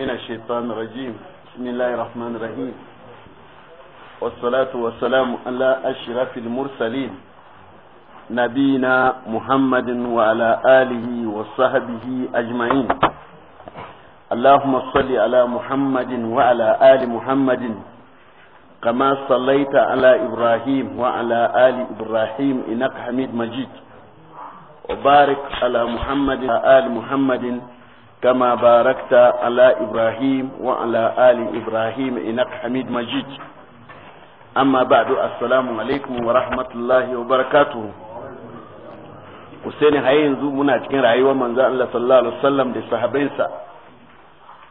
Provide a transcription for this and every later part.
من الشيطان الرجيم بسم الله الرحمن الرحيم والصلاة والسلام على أشرف المرسلين نبينا محمد وعلى آله وصحبه أجمعين اللهم صل على محمد وعلى آل محمد كما صليت على إبراهيم وعلى آل إبراهيم إنك حميد مجيد وبارك على محمد وعلى آل محمد كما باركت على إبراهيم وعلى آل إبراهيم إنك حميد مجيد أما بعد السلام عليكم ورحمة الله وبركاته Hussein har yanzu muna cikin rayuwar manzon Allah sallallahu alaihi wasallam da sahabbansa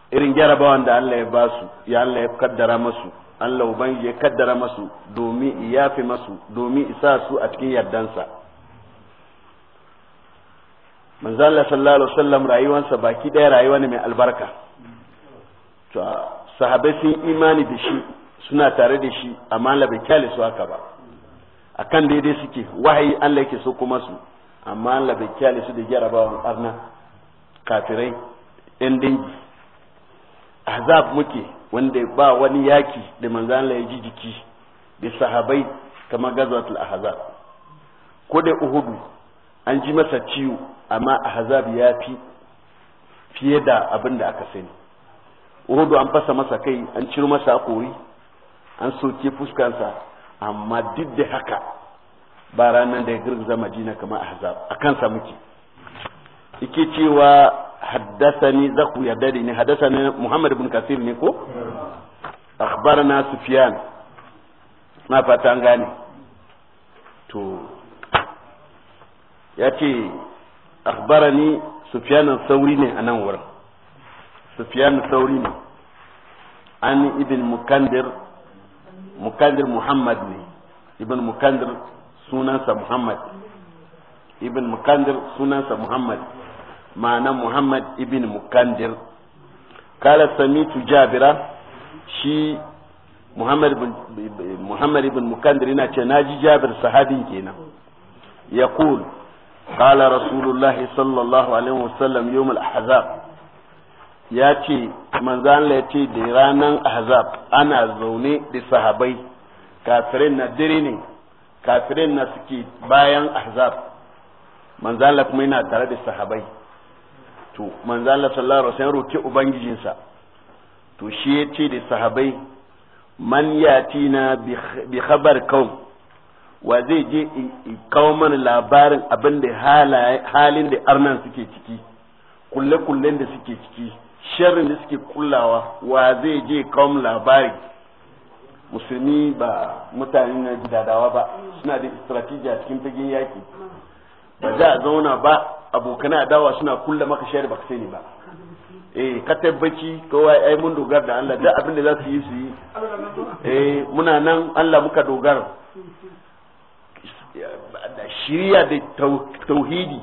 irin jarabawan da Allah ya ba su ya Allah ya kaddara masu Allah ubangiji ya kaddara masu domin iyafi masu domin isa su a cikin yardansa manzo Allah sallallahu alaihi wasallam rayuwarsa baki daya rayuwa ne mai albarka to sahabbai sun imani da shi suna tare da shi amma la bai kyale su haka ba akan daidai suke wahayi Allah yake so kuma su amma Allah bai kyale su da jarabawan arna kafirai yan dangi azab muke wanda ba wani yaki da manzo Allah ya ji jiki da sahabai kamar gazwatul ahzab ko da uhudu an ji masa ciwo amma ahzab ya fi fiye da abin da aka sani uhudu an fasa masa kai an ciro masa akori an soke fuskansa amma duk da haka ba ranar da ya girgiza madina kamar ahzab a kansa muke yake cewa haddasani zaku yarda da ni haddasani muhammad ibn kasir ne ko akhbarana sufyan na fata an gane to ya ce ni sufiyanin sauri ne a nan wurin sufiyanin sauri ne an ibn mukandir mukandir muhammad ne ibn mukandir sunansa muhammad ibn mukandir sunansa muhammad ma'ana muhammad ibn mukandir kala sami jabira shi muhammad ibn mukandir yana ce naji jabir sahabin kenan ya قال رسول الله صلى الله عليه وسلم يوم الأحزاب yace manzan la yace da ranar ahzab ana zaune da sahabai kafirin na dire ne kafirin na suke bayan ahzab manzan kuma yana tare da sahabai to manzan la sallallahu alaihi wasallam roki ubangijinsa to shi yace da sahabai man na bi khabar kaum wa zai je kawo mana labarin abin da halin da arnan suke ciki kulle-kullen da suke ciki sharrin da suke kullawa wa zai je kawo labari musulmi ba mutanen na gidadawa ba suna da strategiya cikin fagen yaki ba za a zauna ba abokan adawa suna kulla maka shari ba sani ba eh ka tabbaci kowa ai mun dogara da Allah da abin da za su yi su yi eh muna nan Allah muka dogara shiriya da tauhidi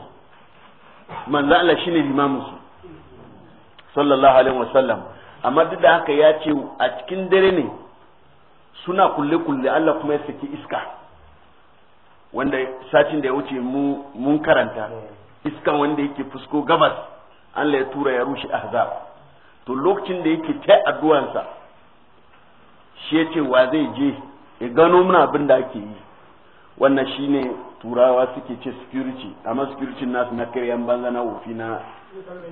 manzo Allah shine limamin su sallallahu alaihi wasallam amma duk da haka ya ce a cikin dare ne suna kulle kulle Allah kuma ya saki iska wanda satin da ya wuce mu mun karanta iska wanda yake fusko gabas Allah ya tura ya rushe ahzab to lokacin da yake ta addu'ansa shi ya ce wa zai je ya gano muna abin da ake yi wannan shine turawa suke ce security amma security nasu na yan banza na wofi na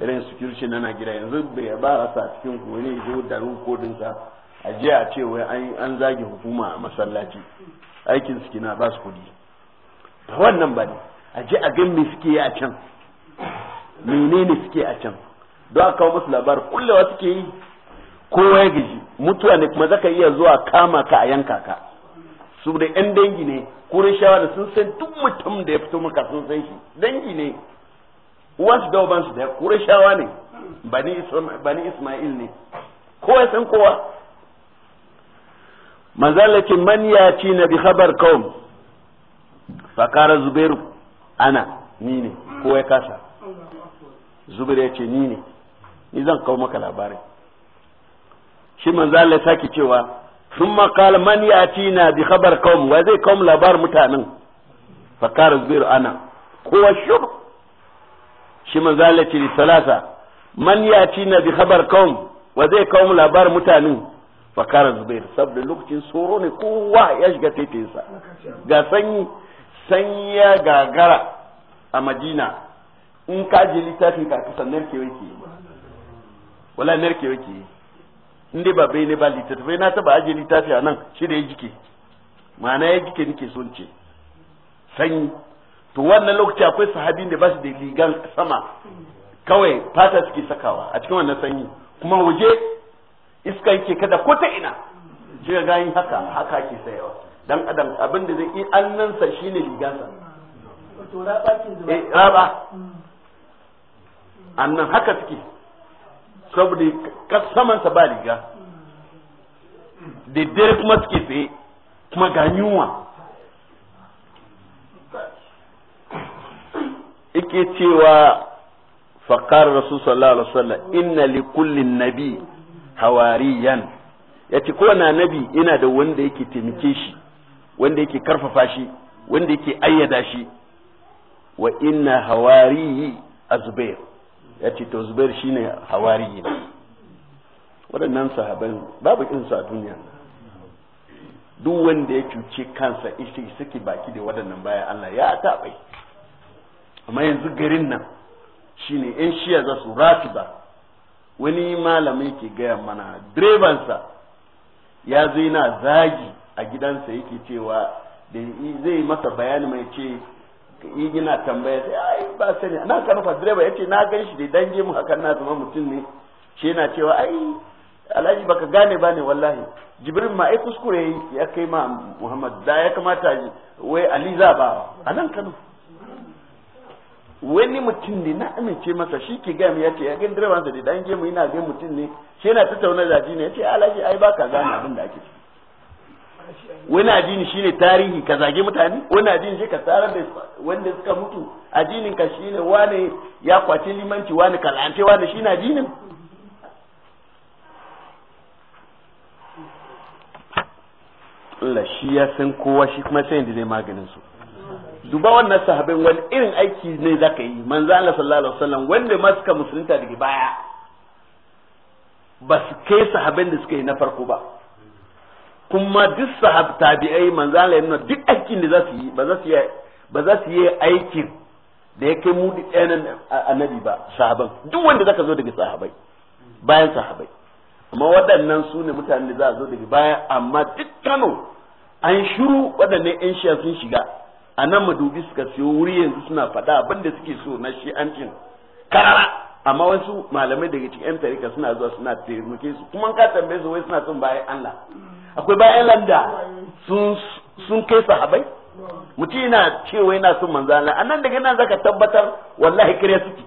irin security na gida yanzu bai ba a sa cikin ku ne zo da rukodin sa a je a ce wai an zage hukuma a masallaci aikin suke na ba su kudi ta wannan ba ne a je a gan me suke yi a can menene suke a can don a kawo musu labar kullawa suke yi kowa ya gaji mutuwa ne kuma zaka iya zuwa kama ka a yanka ka su da yan dangi ne Qurayshawa da sun san duk mutum da ya fito maka sun san shi dangi ne uwansu da ubansu da Qurayshawa ne bani Isma'il ne kowa san kowa manzalakin man ya ci na bi khabar kawm fakara zubairu ana ni ne kowa ya kasa zubair ya ce ni ne ni zan kawo maka labarin shi manzala sake cewa sun makal man ya na bi khabar kawm wa zai kawm labar mutanen fakar zubiru ana kowa shur shi manzala ce salasa man ya na bi khabar kawm wa zai kawm labar mutanen fakar zubairu saboda lokacin tsoro ne kowa ya shiga taitinsa ga sanyi sanyi gagara a madina in ka je littafin ka sannan kewa ke yi wala narkewa ke yi dai ba bai ne ba littattafai na taba ajiye littafi a nan shi da ya jike ma'ana ya jike nike son ce sanyi to wannan lokaci akwai sahabi da ba su da ligan sama kawai fata suke sakawa a cikin wannan sanyi kuma waje iska yake kada ko ta ina shi ga yin haka haka ke sayawa dan adam abin da zai yi sa shine ligansa raba eh, annan haka suke saboda samansa ba riga da dare kuma suke tsaye kuma ga yunwa ike cewa faƙar rasu sallallahu alaihi inna li kullin nabi hawariyan ya ce kowane nabi yana da wanda yake taimake shi wanda yake karfafa shi wanda yake ayyada shi wa inna hawariyi a Zubairu. ya ce to zubair shine hawari ne waɗannan sahaban babu insa a duniya duk wanda ya cuce kansa ishe suke baki da waɗannan baya Allah ya taɓa amma yanzu garin nan shine yan shiya za su ba wani malamai ke gaya mana direbansa ya zaina na zagi a gidansa yake cewa da zai masa bayani mai ce yi gina tambaya sai ai ba sani na ka fa direba yace na gan shi da dange mu hakan na zama mutum ne shi yana cewa ai alhaji baka gane ba ne wallahi jibril ma ai kuskure ya kai ma muhammad da ya kamata wai ali za ba a nan kano wani mutum ne na amince masa shi ke gami ya ce ya gani direban da dange mu ina gan mutum ne shi yana tattauna zaji ne ya ce alhaji ai baka gane abin da ake wani addini shine tarihi ka zage mutane wani addini shi ka tsara da wanda suka mutu addinin ka shine wani ya kwace limanci wani kalante wani shine addinin Allah shi ya san kowa shi kuma sai da maganin su duba wannan sahabin wani irin aiki ne zaka yi manzo Allah sallallahu alaihi wasallam wanda ma suka musulunta daga baya ba su kai sahabin da suka yi na farko ba kuma duk sahab tabi'ai manzo Allah yana duk aikin da za su yi ba za su yi ba za su yi aikin da ya kai mudi ɗayan annabi ba sahaban duk wanda zaka zo daga sahabai bayan sahabai amma waɗannan su ne mutane da za a zo daga baya amma duk Kano an shiru waɗannan 'yan shiya sun shiga a nan madubi suka siyo wuri yanzu suna faɗa abin da suke so na shi'ancin karara amma wasu malamai daga cikin 'yan tarika suna zuwa suna taimake su kuma ka tambaye su wai suna son bayan Allah akwai bayan landa sun kai sahabai mutum yana cewa yana son manzana Allah anan daga nan zaka tabbatar wallahi kare suke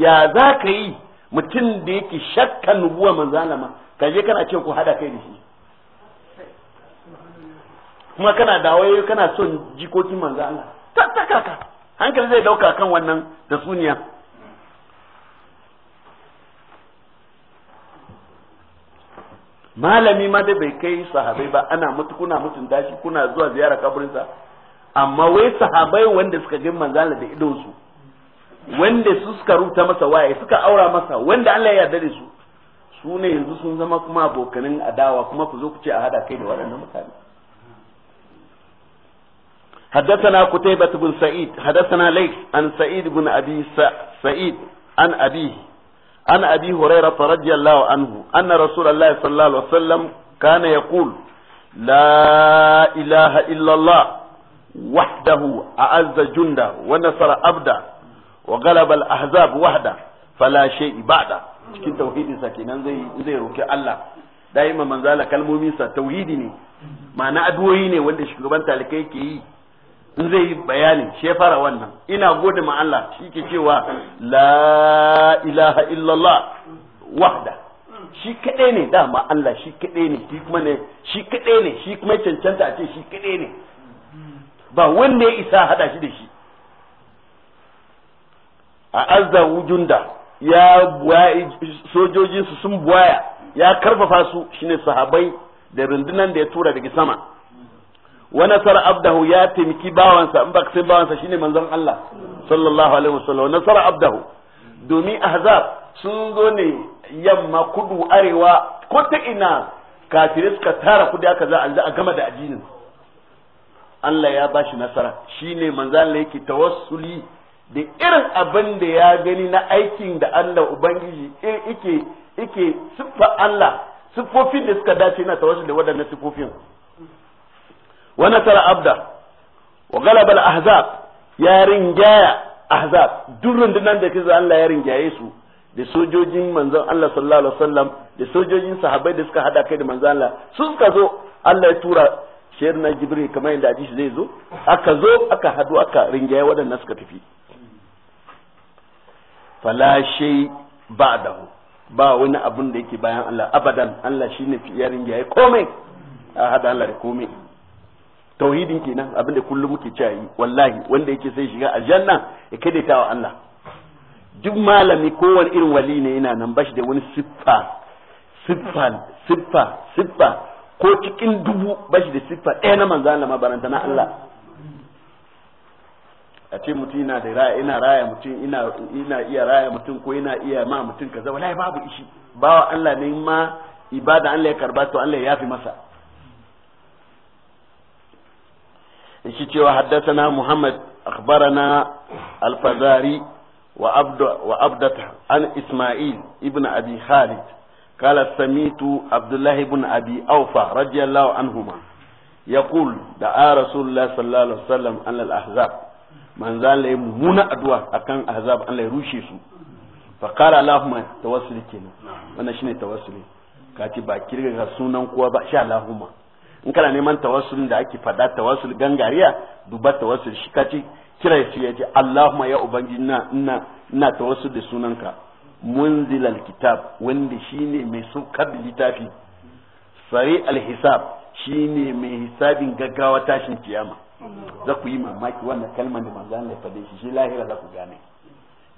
ya zaka yi mutum da yake shakka nubuwa manzana Allah ma kaje kana ce ku hada kai da shi kuma kana dawaye kana son jikokin manzana Allah ta kaka hankali zai dauka kan wannan da suniya malami ma dai bai kai sahabai ba ana mutu kuna mutun dashi kuna zuwa ziyara kaburinsa amma wai sahabai wanda suka gani manzala da idon su wanda su suka rubuta masa waye suka aura masa wanda Allah ya yarda da su su ne yanzu sun zama kuma abokanin adawa kuma ku zo ku ce a hada kai da waɗannan mutane حدثنا قتيبة بن سعيد حدثنا ليس عن سعيد بن أبي سعيد عن أبيه عن أبي هريرة رضي الله عنه أن رسول الله صلى الله عليه وسلم كان يقول لا إله إلا الله وحده أعز جنده ونصر أبدا وغلب الأحزاب وحده فلا شيء بعده cikin tauhidin sa kenan zai zai roki Allah daima manzala kalmomin sa tauhidi ne ma'ana addu'o'i ne wanda shugaban talikai ke yi in zai yi bayani shi fara wannan ina gode ma Allah shi ke cewa la ilaha illallah wahda shi kadai ne dama Allah shi kadai ne shi kuma ne shi kadai ne shi kuma cancanta a ce shi kadai ne ba wanda ya isa hada shi da shi a azza wujunda ya sojojinsu sun buwaya ya karfafa su shine sahabai da rundunan da ya tura daga sama wa nasara abdahu ya taimaki bawansa in ba ka sai bawansa shine manzon Allah sallallahu alaihi wasallam nasara abdahu domin ahzab sun zo ne yamma kudu arewa ko ta ina kafirai suka tara kudi aka za a za a gama da addinin Allah ya ba shi nasara shine manzon Allah yake tawassuli da irin abin da ya gani na aikin da Allah Ubangiji ike ike siffa Allah siffofin da suka dace na tawassuli da waɗannan siffofin wa abda wa galaba al-ahzab ya ringaya ahzab duk rundunar da kiza Allah ya ringaye su da sojojin manzon Allah sallallahu alaihi wasallam da sojojin sahabbai da suka hada kai da manzon Allah sun suka zo Allah ya tura shayar na jibril kamar yadda hadisi zai zo aka zo aka hadu aka ringaye waɗannan suka tafi fala shay ba'dahu ba wani abun da yake bayan Allah abadan Allah shine fi ya ringaye komai a hada Allah da komai tauhidin kenan abin da kullum muke cewa yi wallahi wanda yake sai shiga aljanna ya kadaita wa Allah duk malami kowane irin wali ne yana nan bashi da wani siffa siffa siffa siffa ko cikin dubu bashi da siffa ɗaya na manzo Allah baranta na Allah a ce mutum yana da raya ina raya mutum ina ina iya raya mutum ko ina iya ma mutum kaza wallahi babu ishi bawa Allah ne ma ibada Allah ya karba to Allah ya yafi masa shi cewa haddasana muhammad akhbarana al-fazari wa abdata an isma'il ibn abi khalid kala samitu abdullahi ibn abi awfa radiyallahu anhuma yaqul da'a rasulullah sallallahu alaihi wasallam an al-ahzab man zalla muna addu'a akan ahzab an lay rushe su fa qala allahumma tawassul kenan wannan shine tawassul ka ci baki daga sunan kuwa ba sha allahumma in kana neman tawassul da ake fada tawassul gangariya duba tawassul shi kace kira shi ce Allahumma ya ubangiji na ina ina tawassul da sunanka munzil kitab wanda shine mai saukar littafi sari alhisab shine mai hisabin gaggawa tashin kiyama za ku yi mamaki wannan kalmar da manzo Allah ya fade shi shi lahira za ku gane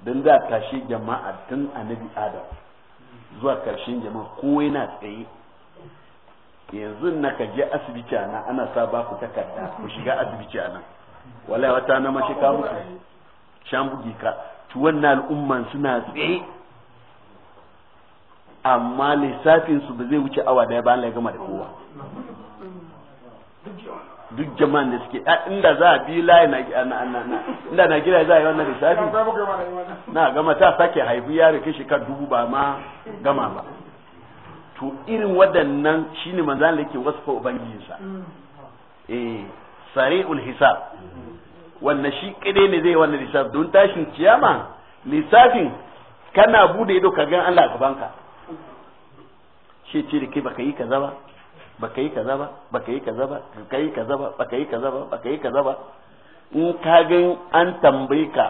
dan za tashi jama'a tun annabi Adam zuwa karshen jama'a ko yana tsaye yanzu na ka je asibiti a nan ana sa ba ku takarda ku shiga asibiti a nan wallahi wata na mace ka mutu shan bugi ka to wannan al'umman suna tsaye amma lissafin su ba zai wuce awa daya ba Allah ya gama da kowa duk jama'an da suke inda za a bi layi na inda na gida za a yi wannan lissafi na gama ta sake haifi yaro kai shekar dubu ba ma gama ba to irin waɗannan shine manzan da yake wasu ubangijinsa eh sari'ul hisab wannan shi kade ne zai wannan lissafi don tashin ciyama lissafin kana bude ido ka gan Allah gaban ka shi ce da kai baka yi kaza ba baka yi kaza ba baka yi kaza ba baka yi kaza ba baka yi kaza ba baka yi kaza ba in ka gan an tambaye ka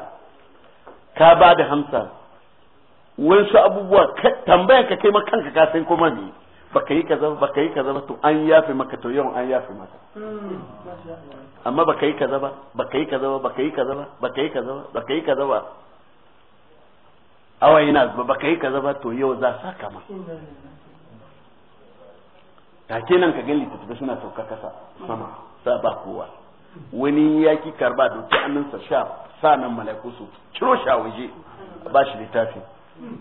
ka ba da hamsa wasu abubuwa tambayan ka kai ma kanka ka san kuma ne baka yi kaza baka yi kaza ba to an yafe maka to yau an yafe maka amma baka yi kaza ba baka yi kaza ba baka yi kaza ba baka yi kaza ba baka yi kaza ba awa yana ba baka yi kaza ba to yau za sa kama take nan ka gani littattafai suna sauka kasa sama sa ba kowa wani ya ki karba doki annansa sha sa nan mala'iku su ciro shi a waje ba shi littafi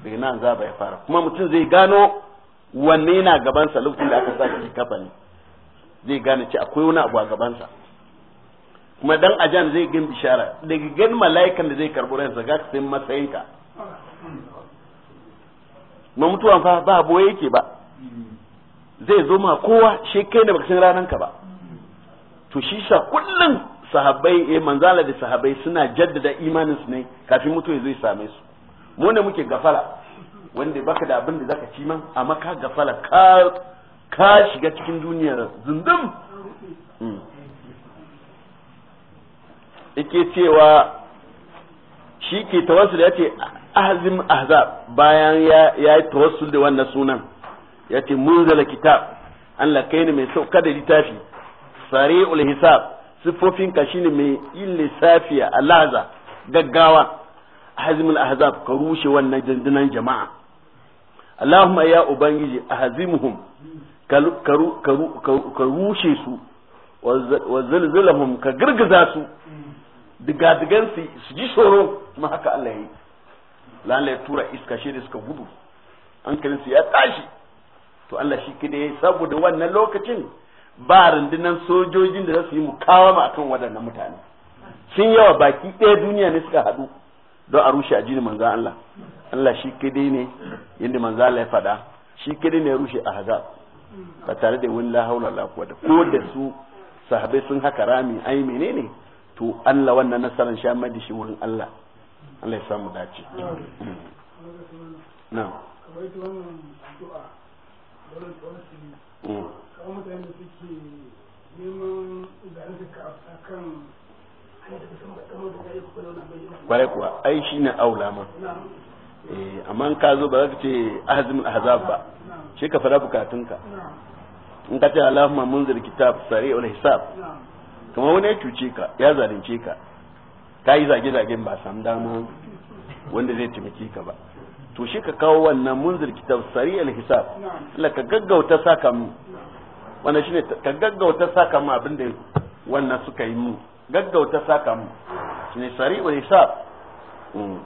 daga nan za ya fara kuma mutum zai gano wanne yana gabansa lokacin da aka sa shi kafani zai gane ce akwai wani abu a gabansa kuma dan ajan zai gin bishara daga gan mala'ikan da zai karɓi ransa ga ka matsayinka ma mutuwan fa ba boye yake ba zai zo ma kowa shi kai da baka san ka ba to shi sa kullum sahabbai eh manzala da sahabbai suna jaddada imanin su ne kafin mutuwa zai same su mu ne muke gafala wanda baka da abin da zaka ci man amma ka gafala ka ka shiga cikin duniyar zundum hmm. yake cewa shi ke tawassul ya ce ahzim ahzab bayan ya yi tawassul da wannan sunan ya ce munzala kitab Allah kai ne mai sauka da littafi sari'ul hisab siffofin ka shine mai yin lissafi a lahaza gaggawa hazimul ahzab ka rushe wannan dandunan jama'a Allahumma ya ubangiji ahzimhum ka rushe su wa zalzalahum ka girgiza su Diga-digan su su ji tsoro kuma haka Allah ya yi lalle tura iska shi da suka gudu hankalin su ya tashi to Allah shi kide yayi saboda wannan lokacin ba rundunan sojojin da za su yi mukawama akan waɗannan mutane sun yawa baki ɗaya duniya ne suka haɗu don a rushe addinin manzan Allah Allah shi kede ne yadda manzan Allah ya faɗa shi kede ne ya rushe a hazab ba tare da wani lahaula lafuwa da ko da su sahabai sun haka rami ai menene to Allah wannan nasarar sha mai da shi wurin Allah Allah ya samu dace na mm. kamar mutane da suke neman kan kwarai kuwa ai shi ne aula ma eh, amma in ka zo ba za ka ce ahazimin ahzab ba shi ka fara bukatunka in ka ce allahumma munzir kitab sari wal hisab kamar wani ya cuce ka ya zalunce ka ka yi zage-zagen ba samu dama wanda zai taimake ka ba to shi ka kawo wannan munzir kitab sari al hisab Allah ka gaggauta saka mu wannan shine ka gaggauta saka mu abin da wannan suka yi mu gaggauta saka mu shi ne sari mm.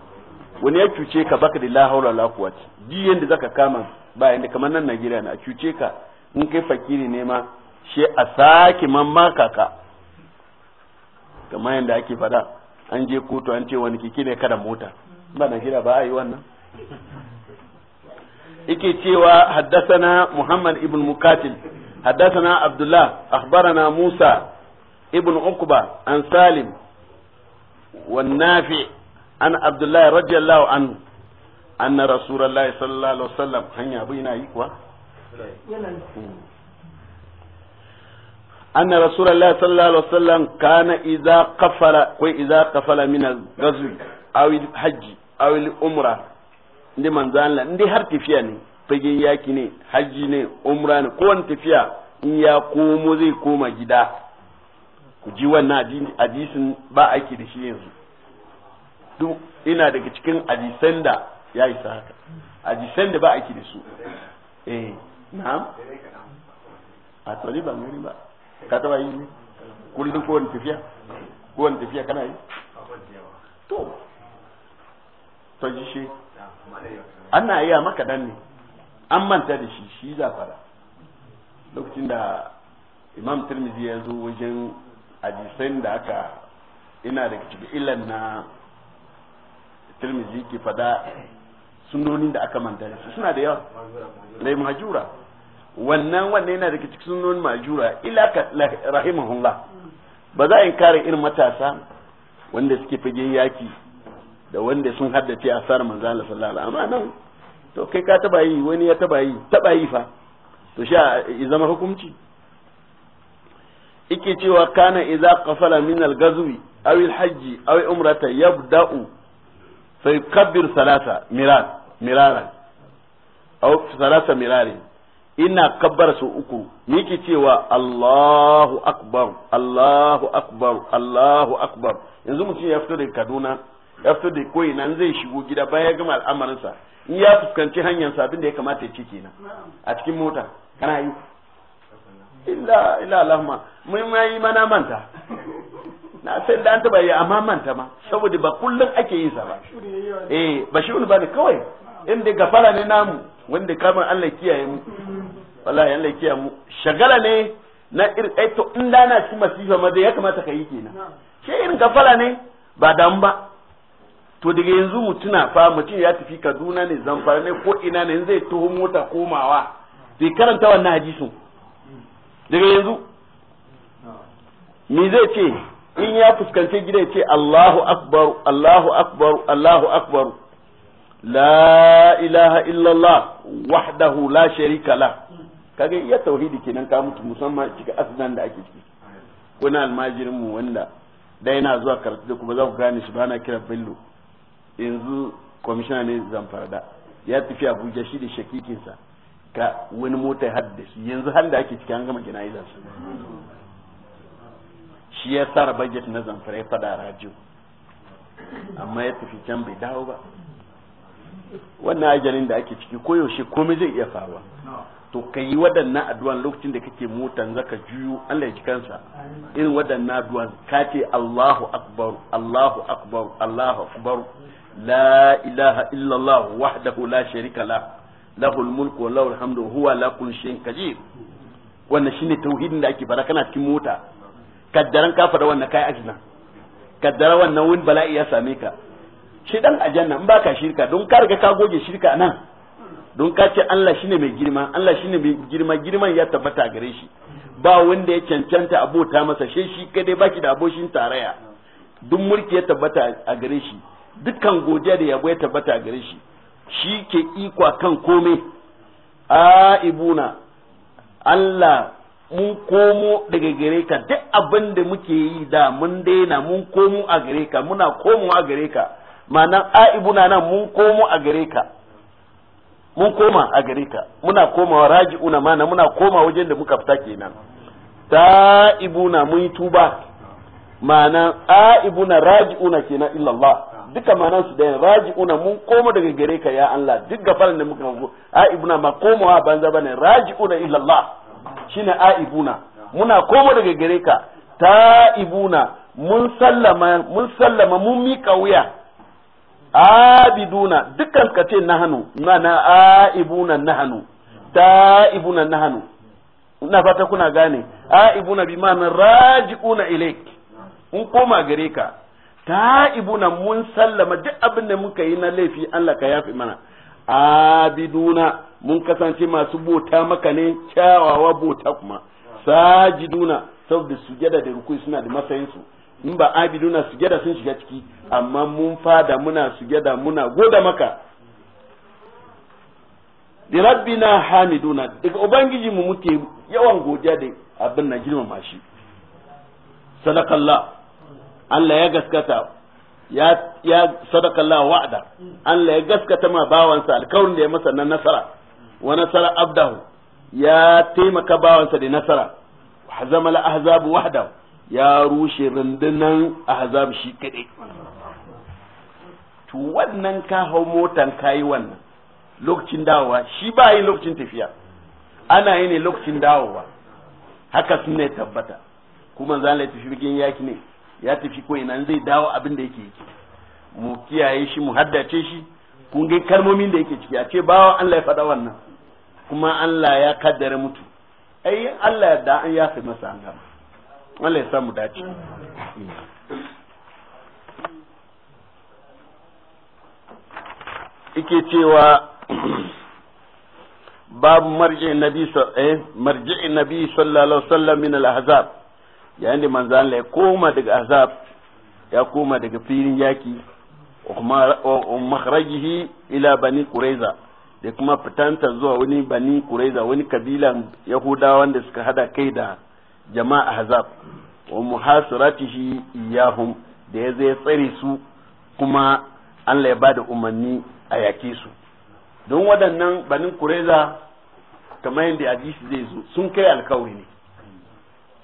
wani ya cuce ka baka da la haula la quwwata yadda zaka kama ba yanda kamar nan Najeriya na cuce ka in kai fakiri ne ma shi a sake maka ka kamar yadda ake fada an je kotu an ce wani kiki ne kada mota ba Najeriya ba a yi wannan ike cewa haddasana Muhammad ibn Mukatil haddasana Abdullah na Musa ibn Uqba an Salim wa عن an الله رضي الله عنه Rasulullah رسول الله صلى hanya abu وسلم yi kuwa anna Rasulullah رسول الله صلى الله عليه وسلم كان idza قفل min al-ghazwi aw umra ndi manzan la ndi har tafiya ne fagen yaki ne hajji ne umra ne kowane tafiya in ya komo zai koma gida ku ji wannan hadisin ba aiki da shi yanzu duk ina daga cikin hadisan da ya isa haka hadisan da ba aiki da su eh na'am a tsari ba muni ba ka taba yi ne kullum kowane tafiya kowane tafiya kana yi to to ji shi ana iya maka dan ne an manta da shi shi zafara lokacin da imam turmizi ya zo wajen hadisan da aka ina da cikin ilan na tirmizi ke fada sunonin da aka manta su suna da yawa lai majura wannan wannan yana da cikin sunonin majura ila ka rahimahullah ba za a kare irin matasa wanda suke fage yaki da wanda sun haddace sar manzo Allah sallallahu alaihi wasallam nan to kai ka taba yi wani ya taba yi taba yi fa to sha zama hukunci yake cewa kana idza qafala min al-ghazwi aw al-hajj aw umrata yabda'u fa yukabbir salasa mirar miraran aw salasa mirarin ina kabbar su uku yake cewa Allahu akbar Allahu akbar Allahu akbar yanzu mutum ya fito da Kaduna ya fito da koyi nan zai shigo gida bayan ya gama al'amarinsa in ya fuskanci hanyar sabin da ya kamata ya ci kenan a cikin mota kana yi illa illa lahma mun yi mana manta na sai da an taba yi amma manta ma saboda ba kullum ake yin sa ba eh bashirun bane kawai inda gafara ne namu wanda kamar Allah kiyaye mu wallahi Allah kiyaye mu shagala ne na ir ai eh, to in da na ci masifa ma dai ya kamata ka yi kenan shi irin gafara ne ba dan ba to daga yanzu mutuna fa mutun ya tafi Kaduna ne Zamfara ne ko ina ne zai tuhu mota komawa bai karanta wannan hadisin daga yanzu me zai ce in ya fuskanci gida ce Allahu akbar Allahu akbar Allahu akbar la ilaha illallah wahdahu la sharika la kaga iya tauhidi kenan ka mutu musamman cikin asidan da ake ciki kuna almajirin mu wanda da yana zuwa karatu da kuma za ku gane shi bana kira bello yanzu kwamishina ne zamfara da ya tafi abuja shi da shakikinsa ka wani mota ya yanzu har da ake ciki an gama jana'izar su shi ya tsara budget na zamfara ya fada rajiyo amma ya tafi can bai dawo ba wannan ajalin da ake ciki koyaushe komai zai iya faruwa to ka yi waɗannan addu'an lokacin da kake motan zaka juyo Allah ya ji kansa irin waɗannan addu'an ka ce Allahu akbar Allahu akbar Allahu akbar la ilaha illallah wahdahu la sharika la lahul mulku wa lahul hamdu huwa la kulli shay'in qadir wannan shine tauhidin da ake fara kana cikin mota kaddaran ka fara wannan kai ajina kaddara wannan wani bala'i ya same ka shi dan ajanna in baka shirka don ka riga ka goge shirka nan don ka ce Allah shine mai girma Allah shine mai girma girman ya tabbata gare shi ba wanda ya cancanta abota masa shi shi kadai baki da aboshin taraya duk mulki ya tabbata a gare shi dukkan godiya da yabo ya tabbata a gare shi shi ke ikwa kan kome a ibuna Allah mun komo daga gare ka duk abin da muke yi da mun daina mun komo a gare ka muna komo a gare ka a ibuna nan mun komo a gare ka mun koma a gare ka muna komawa raji'una mana muna koma wajen da muka fita kenan ibuna mun yi tuba a ibuna raji'una kenan illallah duka manan su da raji'una mun koma daga gare ka ya Allah duk gafaran da muka mu ibuna ma komawa banza bane raji'una ila Allah shine a ibuna muna koma daga gare ka ibuna mun sallama mun sallama mun mika wuya abiduna dukkan ka ce nahanu na na a aibuna nahanu ibuna nahanu ina fata kuna gane a ibuna bi ma'anar raji'una ilaik mun koma gare ka ta'ibuna mun sallama duk abin da muka yi na laifi Allah ka yafi mana abiduna mun kasance masu bota maka ne kyawawa bota kuma sajiduna saboda sujada da rukui suna da matsayin su in ba abiduna sujada sun shiga ciki amma mun fada muna sujada muna goda maka da rabbina hamiduna daga ubangiji mu muke yawan godiya da abin na girmama shi sadaqallah Allah ya gaskata ya ya sadaka Allah wa'ada Allah ya gaskata ma bawansa alkawarin da ya masa na nasara wa nasara abdahu ya taimaka bawansa da nasara hazama la ahzabu wahdahu ya rushe rundunan ahzab shi kadai to wannan ka hau motan kayi wannan lokacin dawowa shi ba yi lokacin tafiya ana yi ne lokacin dawowa haka sun ne tabbata kuma zan laifi shirgin yaki ne ya tafi ko ina zai dawo abin da yake yake mu kiyaye shi mu haddace shi kun ga kalmomin da yake ciki a ce bawa Allah ya faɗa wannan kuma Allah ya kaddara mutu ai Allah da an yafe masa an gama Allah ya mu dace ike cewa babu marji'in eh, nabi sallallahu alaihi wasallam min al-ahzab yayin da manzo Allah ya koma daga azab ya koma daga filin yaki makharajihi ila bani kuraiza da kuma fitanta zuwa wani bani kuraiza wani kabila yahudawa wanda suka hada kai da jama'a azab wa muhasiratihi iyahum da ya zai tsare su kuma Allah ya ba da umarni a yake su don waɗannan banin kureza kamar yadda hadisi zai zo sun kai alkawari ne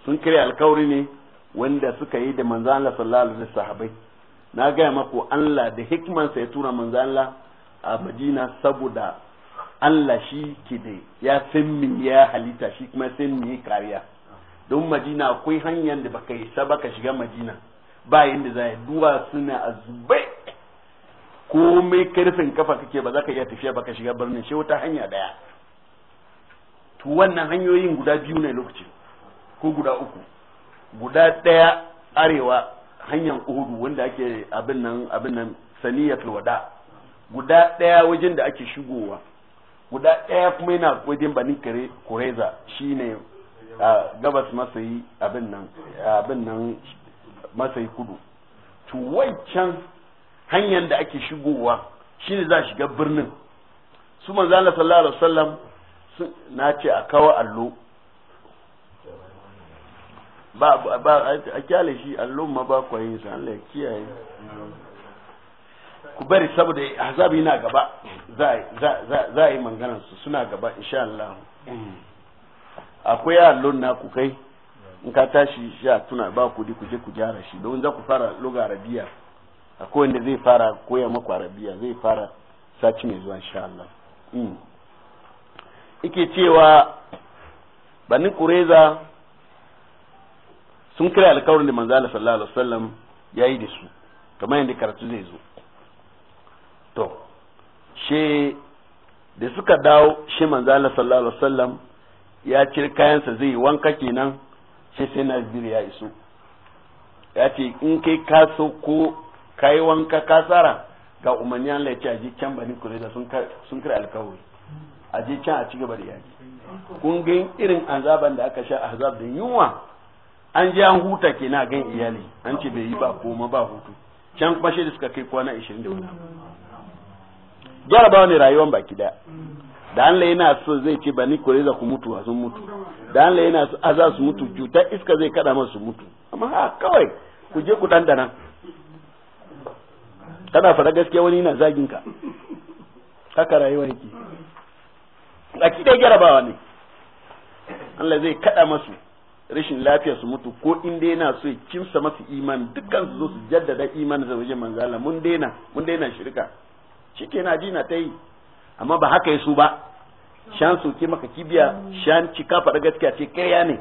sun kire alkawari ne wanda suka yi da manzo Allah sallallahu alaihi wasallam na gaya maku Allah da hikmansa ya tura manzo Allah a Madina saboda Allah shi ke da ya san min ya halitta shi kuma san me kariya don Madina akwai hanyar da baka isa baka shiga Madina ba yanda za duwa suna ko mai karfin kafa kake ba za ka iya tafiya baka shiga birnin shi wata hanya daya to wannan hanyoyin guda biyu ne lokacin ko guda uku guda ɗaya arewa hanyar uhudu wanda ake abin nan abin nan saniyatul wada guda ɗaya wajen da ake shigowa guda ɗaya kuma yana wajen bani kare kureza shine gabas masayi abin nan abin nan masayi kudu to wancan hanyar da ake shigowa shine za shiga birnin su manzo Allah sallallahu alaihi wasallam na ce a kawo allo ba ba a kyale shi allon ma ba kwayin sa Allah ya kiyaye ku bari saboda azabi na gaba za za yi maganar su suna gaba insha Allah akwai allon na ku kai in ka tashi sha tuna ba ku ku je ku gyara shi don za ku fara luga arabiya akwai wanda zai fara koya maku arabiya zai fara saci mai zuwa insha Allah hmm. ike cewa banin kureza sun kira alkawarin da manzo Allah sallallahu alaihi wasallam yayi da su kamar yadda karatu zai zo to she da suka dawo shi manzo Allah sallallahu alaihi wasallam ya cire kayansa zai wanka kenan shi sai na zuri ya iso ya ce in kai ka so ko kai wanka ka tsara ga umarni Allah ya ce aje can bani kure da sun kira alkawari aje can a ci gaba da yaji kun ga irin azaban da aka sha azab da yunwa an je an huta ke na gan iyali an ce bai yi ba koma ba hutu can kuma da suka kai kwana 20 da wani jarabawa ne rayuwar baki daya da an Allah na so zai ce ba ni kore za ku mutu a sun mutu da an Allah na so a za su mutu cutar iska zai kada masu su mutu amma ha kawai ku je ku dandana kana fara gaskiya wani yana zagin ka haka rayuwa yake a kidai jarabawa ne Allah zai kada masu rashin lafiya su mutu ko in dai yana so ya kimsa masu imani dukkan su zo su jaddada imani da wajen manzo Allah mun daina mun daina shirka shike na ji na ta yi amma ba haka yaso ba shan ke maka kibiya shan cika faɗa gaskiya ce kariya ne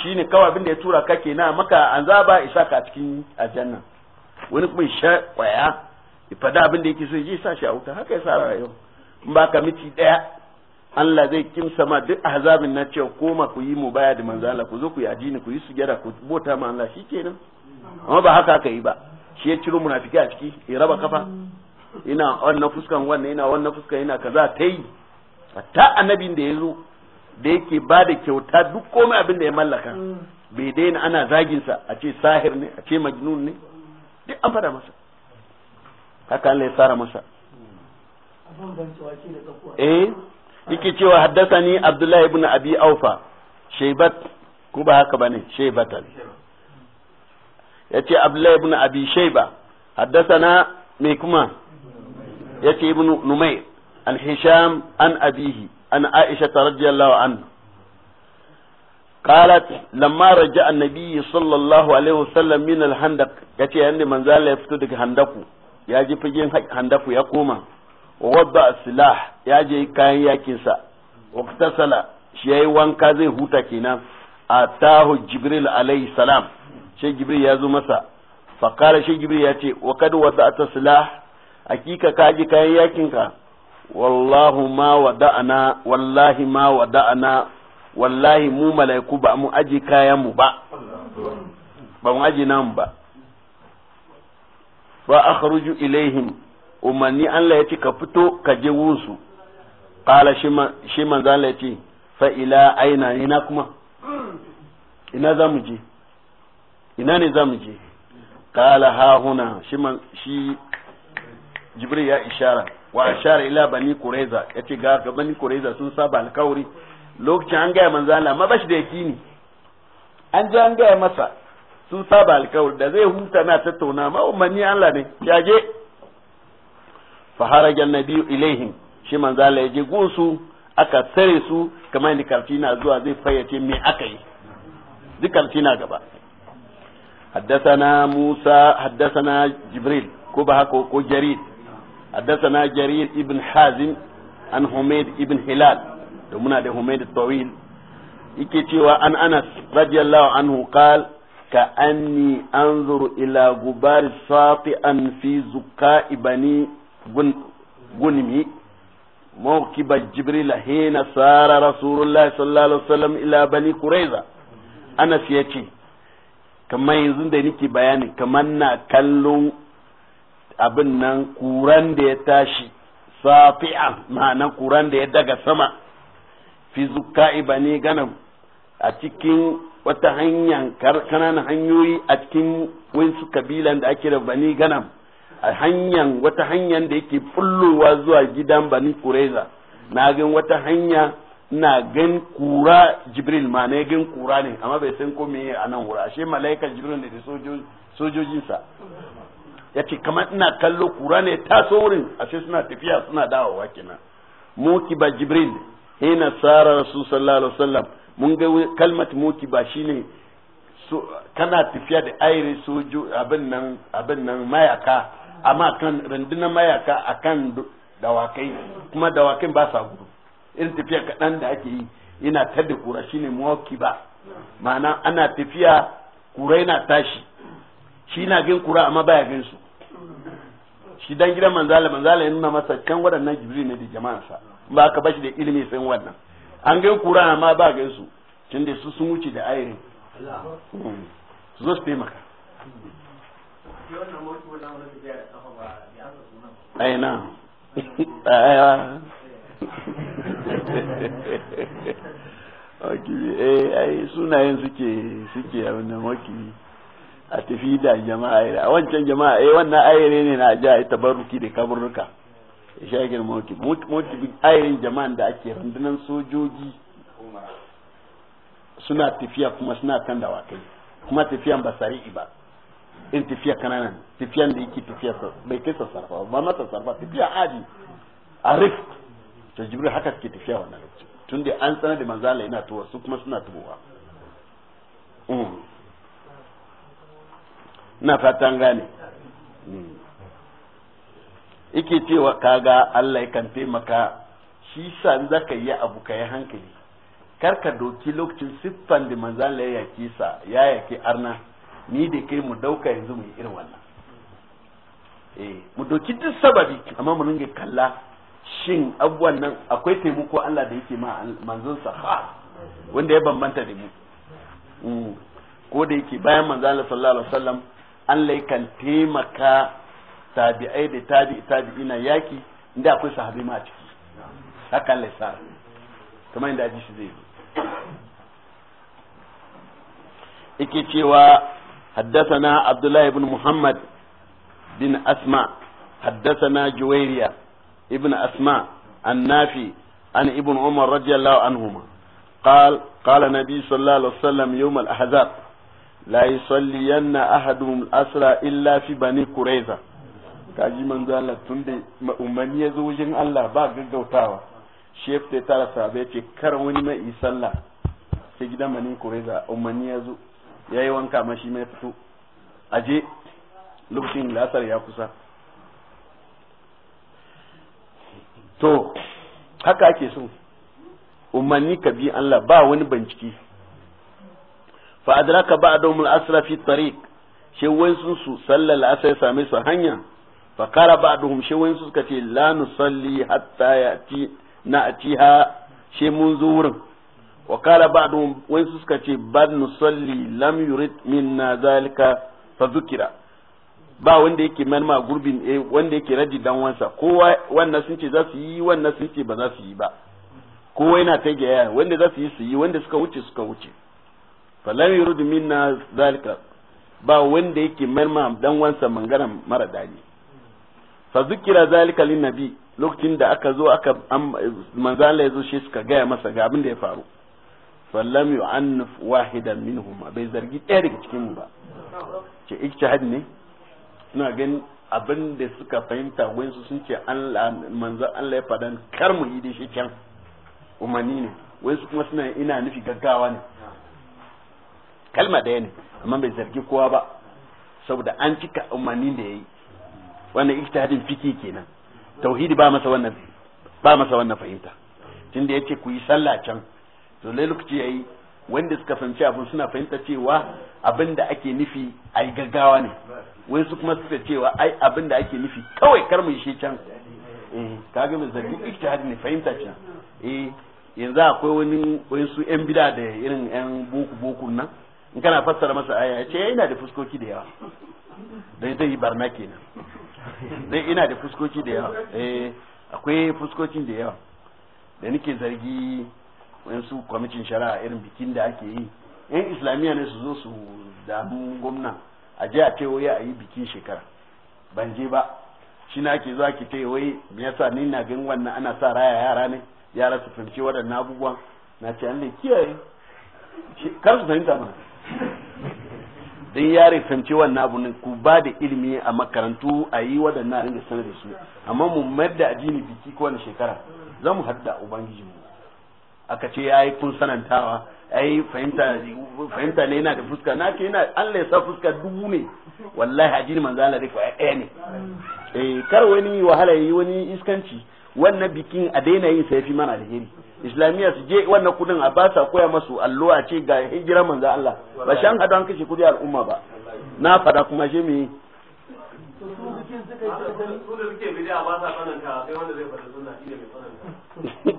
shi ne kawai abin da ya tura ka kenan maka an zaba isa ka cikin aljanna wani kuma sha kwaya ya faɗa abin da yake so ya sa shi a wuta haka ya sa rayuwa in ba ka miti daya Allah zai kimsa ma duk ahzabin na cewa koma ku yi mu baya da manzo Allah ku zo ku yi addini ku yi sujada ku bota ma Allah shikenan amma ba haka aka yi ba shi ya ciro munafiki a ciki ya raba kafa ina wannan fuskan wannan ina wannan fuskan ina kaza ta yi ta annabin da ya zo da yake ba da kyauta duk komai abin da ya mallaka bai daina ana zaginsa a ce sahir ne a ce majnun ne duk an fara masa haka Allah ya tsara masa eh yake cewa haddasani abdullahi ibn abi aufa shaybat ko ba haka bane shaybat yace abdullahi ibn abi shayba haddasana me kuma yace ibn numayr an hisham an abihi an aisha radiyallahu anha قالت لما رجع النبي صلى الله عليه وسلم من الهندق yace yanda manzo Allah ya fito daga handaku ya ji fagen handaku ya koma wadda silah ya je kayan yakinsa waktasala shi ya yi wanka zai huta kenan a tahu jibril alayhi salam shi jibril ya zo masa fakara shi jibril ya ce wa kad wadda ta silah hakika ka ji kayan yakinka wallahu ma wada'ana wallahi ma wada'ana wallahi mu malaiku ba mu aji kayan mu ba ba mu aji nan ba wa akhruju ilaihim umarni Allah ya ce ka fito ka je wunsu qala shi manzo Allah ya ce fa ila aina ina kuma ina za mu je ina ne za mu je qala ha huna shi man shi jibril ya ishara wa ashara ila bani quraiza yace ga ga bani quraiza sun saba alkawari lokacin an gaya manzo Allah ma bashi da yakini an ji an gaya masa sun saba alkawari da zai huta na tattauna ma umarni Allah ne ya je faharajen na biyu ilehin shi manza ya je gusu aka tsare su kamar yadda karfi na zuwa zai fayyace me aka yi duk na gaba haddasana musa haddasana jibril ko ba haka ko jarir haddasana jarir ibn hazim an humaid ibn hilal da muna da humaid tawil yake cewa an anas radiyallahu anhu qal كأني أنظر إلى غبار ساطئا في زكاء بني gunmi jibril جبريل حين سار رسول الله alaihi الله عليه ila bani بني قريظه انس kamar yanzu da nake bayani kamar na kallon abin nan kuran da ya tashi safi'a ma'ana kuran da ya daga sama fi zuka'i bani ganam a cikin wata hanyar kananan hanyoyi a cikin wasu kabilan da ake da bani ganam a hanyan wata hanyan da yake fullowa zuwa gidan bani kureza na gan wata hanya na gan kura jibril ma na gan kura ne amma bai san ko meye a nan wura ashe malaika jibril ne da sojojinsa ya ce kamar ina kallo kura ne ta wurin ashe suna tafiya suna dawowa kenan muki ba jibril hina sara rasul sallallahu alaihi wasallam mun ga kalmat muki ba shine kana tafiya da aire sojo abin nan abin nan mayaka amma kan rundunar mayaka a kan dawakai kuma dawakai ba sa gudu irin tafiya kaɗan da ake yi yana ta da kura shine mawaki ba ma'ana ana tafiya kura yana tashi shi na gin kura amma baya gin su shi dan gidan manzala manzala ya nuna masa can waɗannan jibril ne da jama'arsa ba ka bashi da ilimi sun wannan an gin kura amma ba gin su tunda su sun wuce da ayirin su zo su taimaka aina tsaya wakili eh ai sunayen suke suke wannan wakili a tafi da jama'a a wancan jama'a eh wannan ayyane ne na ajiya ya tabarruki da kaburruka ya sha girma wakili motibin ayyarin jama'an da ake rundunan sojoji suna tafiya kuma suna kan dawakai kuma tafiyan ba sari'i ba in tafiya kanana tafiyan da yake tafiya bai kai sassarfa ba ma sassarfa tafiya adi a rif to jibril haka suke tafiya wannan lokaci tun da an tsana da manzala yana tuwa su kuma suna tubowa mm. na fatan gane mm. yake cewa kaga Allah yakan taimaka shi san zaka yi abu ka yi hankali karka doki lokacin siffan da manzala ya yake sa ya yake arna ni da kai mu dauka yanzu mu irin wannan eh mu doki duk sababi amma mu ringa kalla shin abubuwan nan akwai taimako Allah da yake ma manzon sa wanda ya bambanta da mu mm. ko da yake bayan manzo Allah sallallahu alaihi wasallam Allah kan taimaka tabi'ai da tabi'i tabi'ina yaki inda akwai sahabi ma a ciki haka Allah ya sa kamar inda aji shi zai yi yake cewa حدثنا عبد الله بن محمد بن أسماء حدثنا جويرية ابن أسماء النافي عن ابن عمر رضي الله عنهما قال قال النبي صلى الله عليه وسلم يوم الأحزاب لا يصلين أحدهم الأسرى إلا في بني قريظة kaji manzo Allah tun da umarni ya zo wajen Allah ba gaggautawa shef ta tara sabai ce kar wani mai sallah sai gidan manin kureza umarni ya zo ya yi wanka ma shi mai fito aje lokacin lasar ya kusa to haka ake so umarni ka bi Allah ba wani bincike fa adraka ba adamul asra fi tariq shi sun su sallal asra ya same su hanya fa qala ba'dhum shi sun suka ce la nusalli hatta yati na'tiha shi mun zo wurin wa kala ba'du wai suka ce nu nusalli lam yurid minna zalika fa zukira ba wanda yake manma gurbin eh wanda yake radi dan wansa kowa wannan sun ce za su yi wannan sun ce ba za su yi ba kowa yana ta gaya wanda za su yi su yi wanda suka wuce suka wuce fa lam yurid minna zalika ba wanda yake manma dan wansa mangaran mara dani fa zukira zalika lin nabi lokacin da aka zo aka manzo Allah ya zo shi suka gaya masa ga abin da ya faru فلم يعنف wahidan minhum bai zargi ɗaya daga cikin mu ba ce ijtihad ne ina ganin abin da suka fahimta wayansu sun ce Allah manzo Allah ya fadan kar mu yi da shi can umani ne wayansu kuma suna ina nufi gaggawa ne kalma ɗaya ne amma bai zargi kowa ba saboda an cika umani da yayi wannan ijtihadin fiki kenan tauhidi ba masa wannan ba masa wannan fahimta tunda yace ku yi sallah can to lai lokaci yayi wanda suka fahimci abin suna fahimta cewa abin da ake nufi ai gaggawa ne wai su kuma suka cewa ai abin da ake nufi kawai kar mu shi can eh kaga mai zabi ijtihadi ne fahimta ce eh yanzu akwai wani wani su yan bida da irin yan boku boku nan in kana fassara masa aya ya ce yana eh, da fuskoki da yawa dan zai yi barna kenan dai ina da fuskoki da yawa eh akwai fuskokin da yawa da nake zargi wayansu kwamitin shari'a irin bikin da ake yi yan islamiyya ne su zo su damu gwamna a je a ce a yi bikin shekara ban je ba shi na ke zuwa ki ce me yasa ni na gan wannan ana sa raya yara ne yara su fahimci waɗannan abubuwan na ce an ne kiyaye kar su fahimta mana don yare fahimci wannan abu ne ku ba da ilimi a makarantu a yi waɗannan ringa sanar da su amma mu mayar da addini biki ko wani shekara za mu hadda ubangijinmu aka ce yi kun sanantawa ai fahimta fahimta ne yana da fuska na ke yana Allah ya sa fuska dubu ne wallahi ajini ne Allah dai a ɗaya ne eh kar wani wahala yi wani iskanci wannan bikin a daina yin sa yafi mana alheri islamiyya su je wannan kudin a ba sa koya masu allo a ce ga hijira manzo Allah ba shan hada an kashe kudi al'umma ba na fada kuma je me su da suke bid'a ba sa sai wanda zai fada sunna shi mai kananta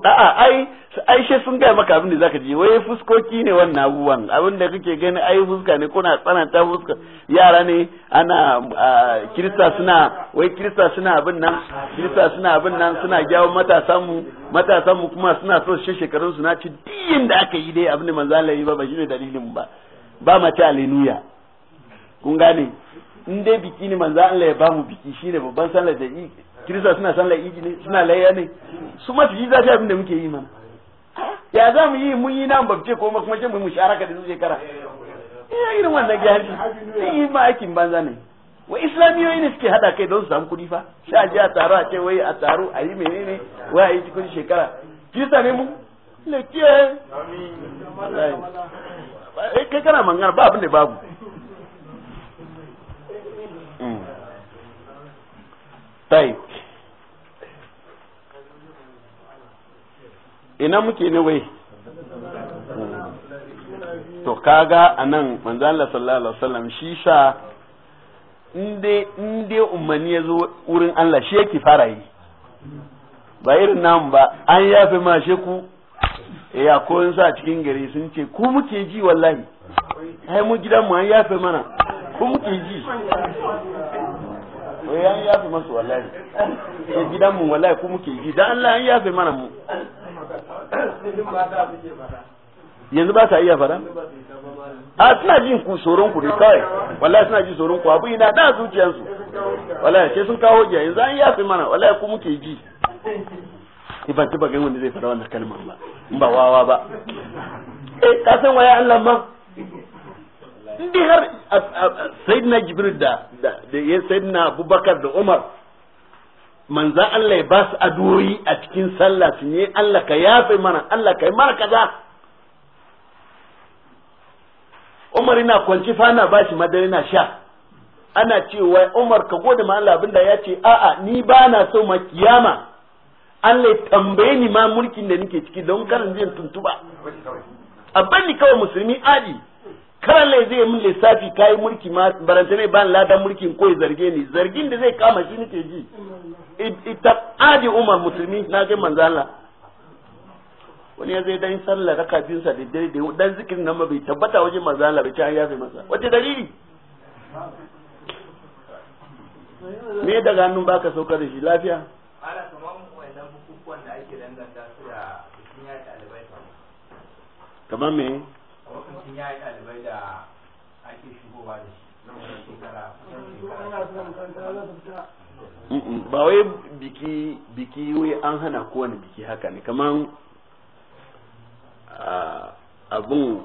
a'a ai ai she sun gaya maka abin da zaka ji wai fuskoki ne wannan abubuwan abin da kake gani ai fuska ne kuna tsananta fuska yara ne ana kirista suna wai kirista suna abin nan kirista suna abin nan suna jawo matasan mu matasan mu kuma suna so shi shekarun su na ci diyin da aka yi dai abin da manzo Allah yi ba ba shine dalilin ba ba ma ta haleluya kun gane in dai biki ne manzo Allah ya ba mu biki shine babban sallar da kirista suna san iji ne suna layya ne su ma yi ji zafi abin da muke yi mana ya za mu yi mun yi nan babce ko kuma ce mu musharaka da su shekara ina irin wannan jihadi sai yi ma aikin banza ne wa islamiyoyi ne suke hada kai don su samu kudi fa sai a je a taro a ce wai a taro a yi menene wai a yi cikin shekara kirista ne mu lekiye kai kana mangana ba abin da babu طيب hmm. ina muke ne wai to kaga anan manzo Allah sallallahu alaihi wasallam shi sa nde inde ummani ya zo wurin Allah shi yake fara yi ba irin namu ba an yafe ma sheku ya in sa cikin gari sun ce ku muke ji wallahi ai mu gidan mu an yafe mana ku muke ji wai an yafe masu wallahi eh, gidan mu wallahi ku muke ji dan Allah an yafe mana mu yanzu ba ta iya fara. a suna jin ku tsoron ku ne kawai wallahi suna jin tsoron ku abu ina da zuciyarsu wallahi sai sun kawo jiya yanzu an yafi mana wallahi ku muke ji ni ban taba gani wanda zai fara wannan kalmar ba in ba wawa ba eh ka san waya Allah ma in har sayyidina jibril da da sayyidina abubakar da umar manzan Allah ya ba su a cikin sallah su yi Allah ka yafe mana Allah ka yi ka kaza Umar yana kwanci fana ba shi madari na sha ana cewa Umar ka gode ma Allah abinda ya ce a'a ni ba na so ma kiyama Allah ya tambaye ni ma mulkin da nake ciki don karin zai tuntuba a bani kawai musulmi adi karan lai zai min lissafi kayi mulki ma barantane ba ladan mulkin koyi zarge ni zargin da zai kama shi nake ji ita adi umar musulmi na ga manzo Allah wani ya zai dan sallar raka biyu sa da dare da dan zikirin nan bai tabbata waje manzo bai ci an yafe masa wace dalili me daga hannun baka saukar da shi lafiya kamar da da me da ake shigowa da shi ba wai biki biki wai an hana kowane biki haka ne kamar abun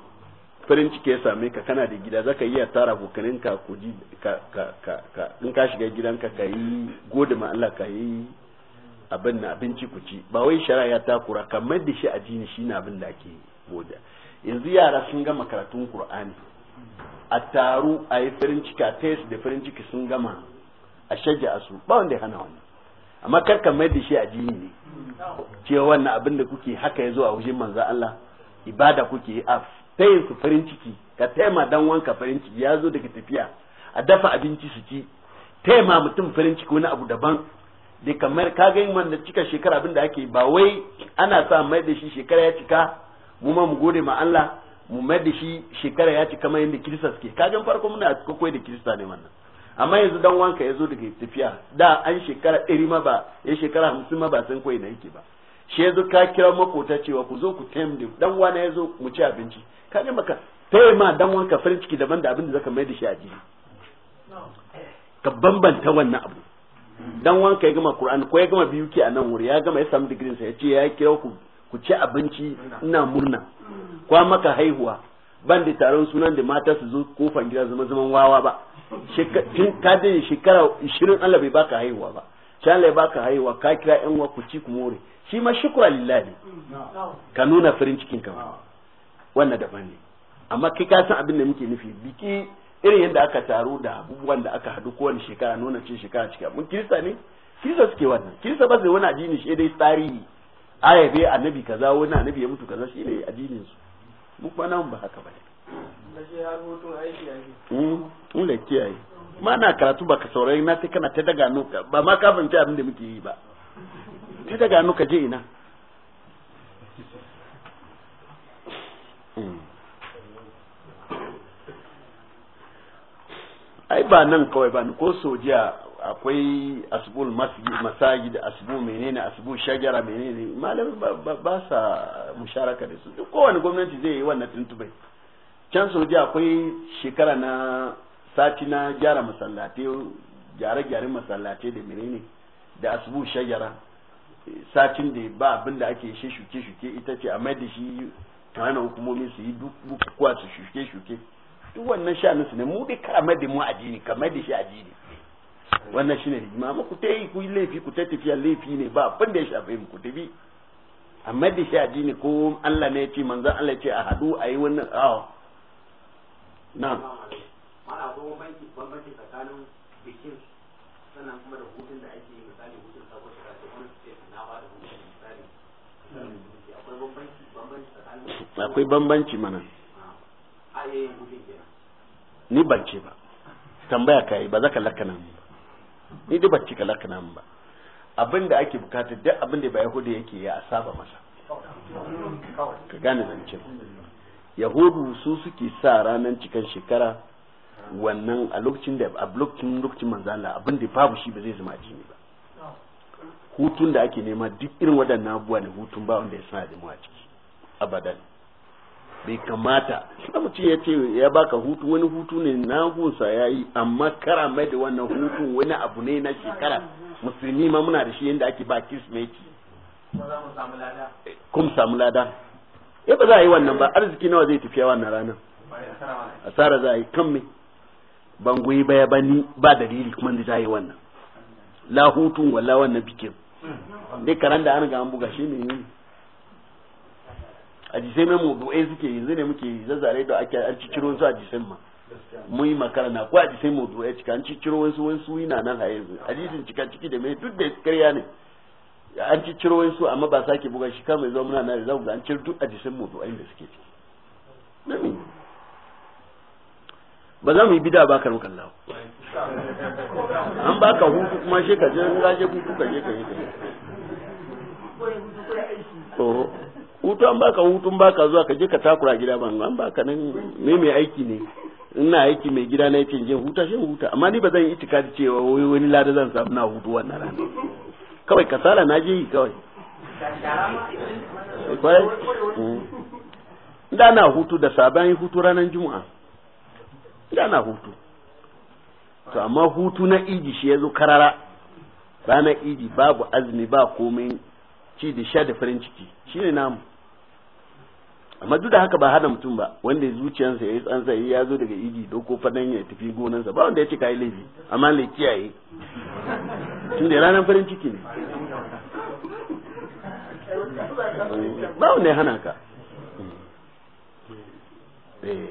farin ciki ya same ka kana da gida zaka iya tara abokanin ka ku ji ka in ka shiga gidanka ka yi gode ma Allah ka yi abin na abinci ku ci ba wai shari'a ya takura kamar da shi a addini shi na abin da ake goda yanzu yara sun gama karatun Qur'ani a taru a yi farin ciki a da farin ciki sun gama a shajja su ba wanda ya hana wannan amma kar ka mai da shi addini ne cewa wannan abin da kuke haka ya zo a wajen manzo Allah ibada kuke a tayin su farin ciki ka taima dan wanka farin ciki ya zo daga tafiya a dafa abinci su ci taima mutum farin ciki wani abu daban da kamar ka ga wanda cika shekara abin da ake ba wai ana sa mai da shi shekara ya cika mu ma mu gode ma Allah mu mai da shi shekara ya cika kamar yadda kirista suke kagan farko muna kokoi da kirista ne wannan amma yanzu dan wanka ya zo daga tafiya da an shekara ɗari ma ba ya shekara hamsin ma ba san koyi na yake ba shi yanzu ka kira makota cewa ku zo ku taim din dan wani ya zo mu ci abinci ka ga maka tayi ma dan wanka farin ciki daban da abin da zaka mai da shi a jini ka bambanta wannan abu dan wanka ya gama qur'ani ko ya gama biyu ke a nan wuri ya gama ya samu digirin sa ya ce ya kira ku ku ci abinci ina murna kwa maka haihuwa ban da taron sunan da mata su zo kofan gida zama zaman wawa ba tun ka da shekara 20 Allah bai baka haihuwa ba shi Allah ya baka haihuwa ka kira yan wa ku ci ku more shi ma shukura lillahi ka nuna farin cikin ka wannan daban ne amma kai ka san abin da muke nufi biki irin yadda aka taro da abubuwan da aka hadu kowane shekara nuna cin shekara ciki mun kirista ne kirista suke wannan kirista ba zai wani addini shi dai tarihi ayabe annabi kaza wani annabi ya mutu kaza shi ne addinin su mu kuma nan ba haka ba mu da kiyaye ma na karatu baka ka saurari na sai kana ta daga nuka ba ma ka fahimci abin da muke yi ba ta daga nuka je ina hmm. ai ba nan kawai ba ko sojiya akwai asbul masajid asbu menene asbu shajara menene malam ba sa musharaka da su duk kowane gwamnati zai yi wannan tuntubai can soja akwai shekara na sati na gyara masallatai gyare-gyaren masallatai da menene da asbu shajara satin da ba abin da ake shi shuke-shuke ita ce a mai da shi tana hukumomi su yi bukukuwa su shuke-shuke duk wannan sha su ne mu dai kar mai da mu addini ka da shi addini wannan shine hikima ma ku ta yi ku yi laifi ku ta tafiya laifi ne ba abin da ya shafi mu ku tafi amma da shi addini ko Allah ne ya ce manzon Allah ya ce a hadu a yi wannan awa na ana ko banki bambanci tsakanin bikin sannan kuma da hutun da ake yi misali hutun ko shi da mun ce na ba da hutun misali akwai bambanci bambanci tsakanin akwai bambanci mana a yayin hutun kenan ni ban ce ba tambaya kai ba za ka lakana mu ni da ban cika lakanan ba abin da ake bukata duk abin da ba yahudu yake ya saba masa ka gane zancen yahudu su suke sa ranar cikin shekara wannan a lokacin da a lokacin lokacin manzala abin da babu shi ba zai zama addini ba hutun da ake nema duk irin waɗannan abubuwa ne hutun ba wanda ya sana da mu a ciki abadan bai kamata mutum ya ce ya baka hutu wani hutu ne na gunsa ya yi amma kara mai da wannan hutu wani abu ne na shekara musulmi ma muna da shi yadda ake ba kismeti kun samu lada ya eh, ba za a yi wannan ba arziki nawa zai tafiya wannan rana. asara za a yi kan me ban goyi baya ba ni ba dalili kuma da za a yi wannan la hutun wala wannan bikin dai karan da an ga an buga shi ne hadisai mai mubu'ai suke yanzu ne muke zazzare da ake an ciciro su hadisan ma mu yi makara na ko mu mubu'ai cika an ciciro wasu wasu yana nan a yanzu hadisin cika ciki da mai duk da karya ne an ciciro wasu amma ba sake buga shi kama zo muna na za mu ga an ciro duk mu mubu'ai da suke ciki ba za mu yi bida ba karu kallahu an baka hutu kuma shekaje in hutu kaje kaje hutu an baka hutun baka zuwa ka je ka takura gida ban an baka nan me mai aiki ne ina aiki mai gida na yakin je huta shi huta amma ni ba zan yi itikadi cewa wai wani lada zan samu na hutu wannan rana kawai kasala na je yi kawai hmm. da na hutu da sabon hutu ranar juma'a da na hutu to amma hutu na idi shi ya zo karara ranar idi babu azumi ba komai ci da sha da farin ciki shi ne namu amma duk da haka ba hana mutum ba wanda zuciyarsa ya yi tsansa ya zo daga iji doko fadan ya tafi gonansa ba wanda ya ce ka laifi amma ne kiyaye tunda ranar farin ciki ne ba wanda ya hana ka eh,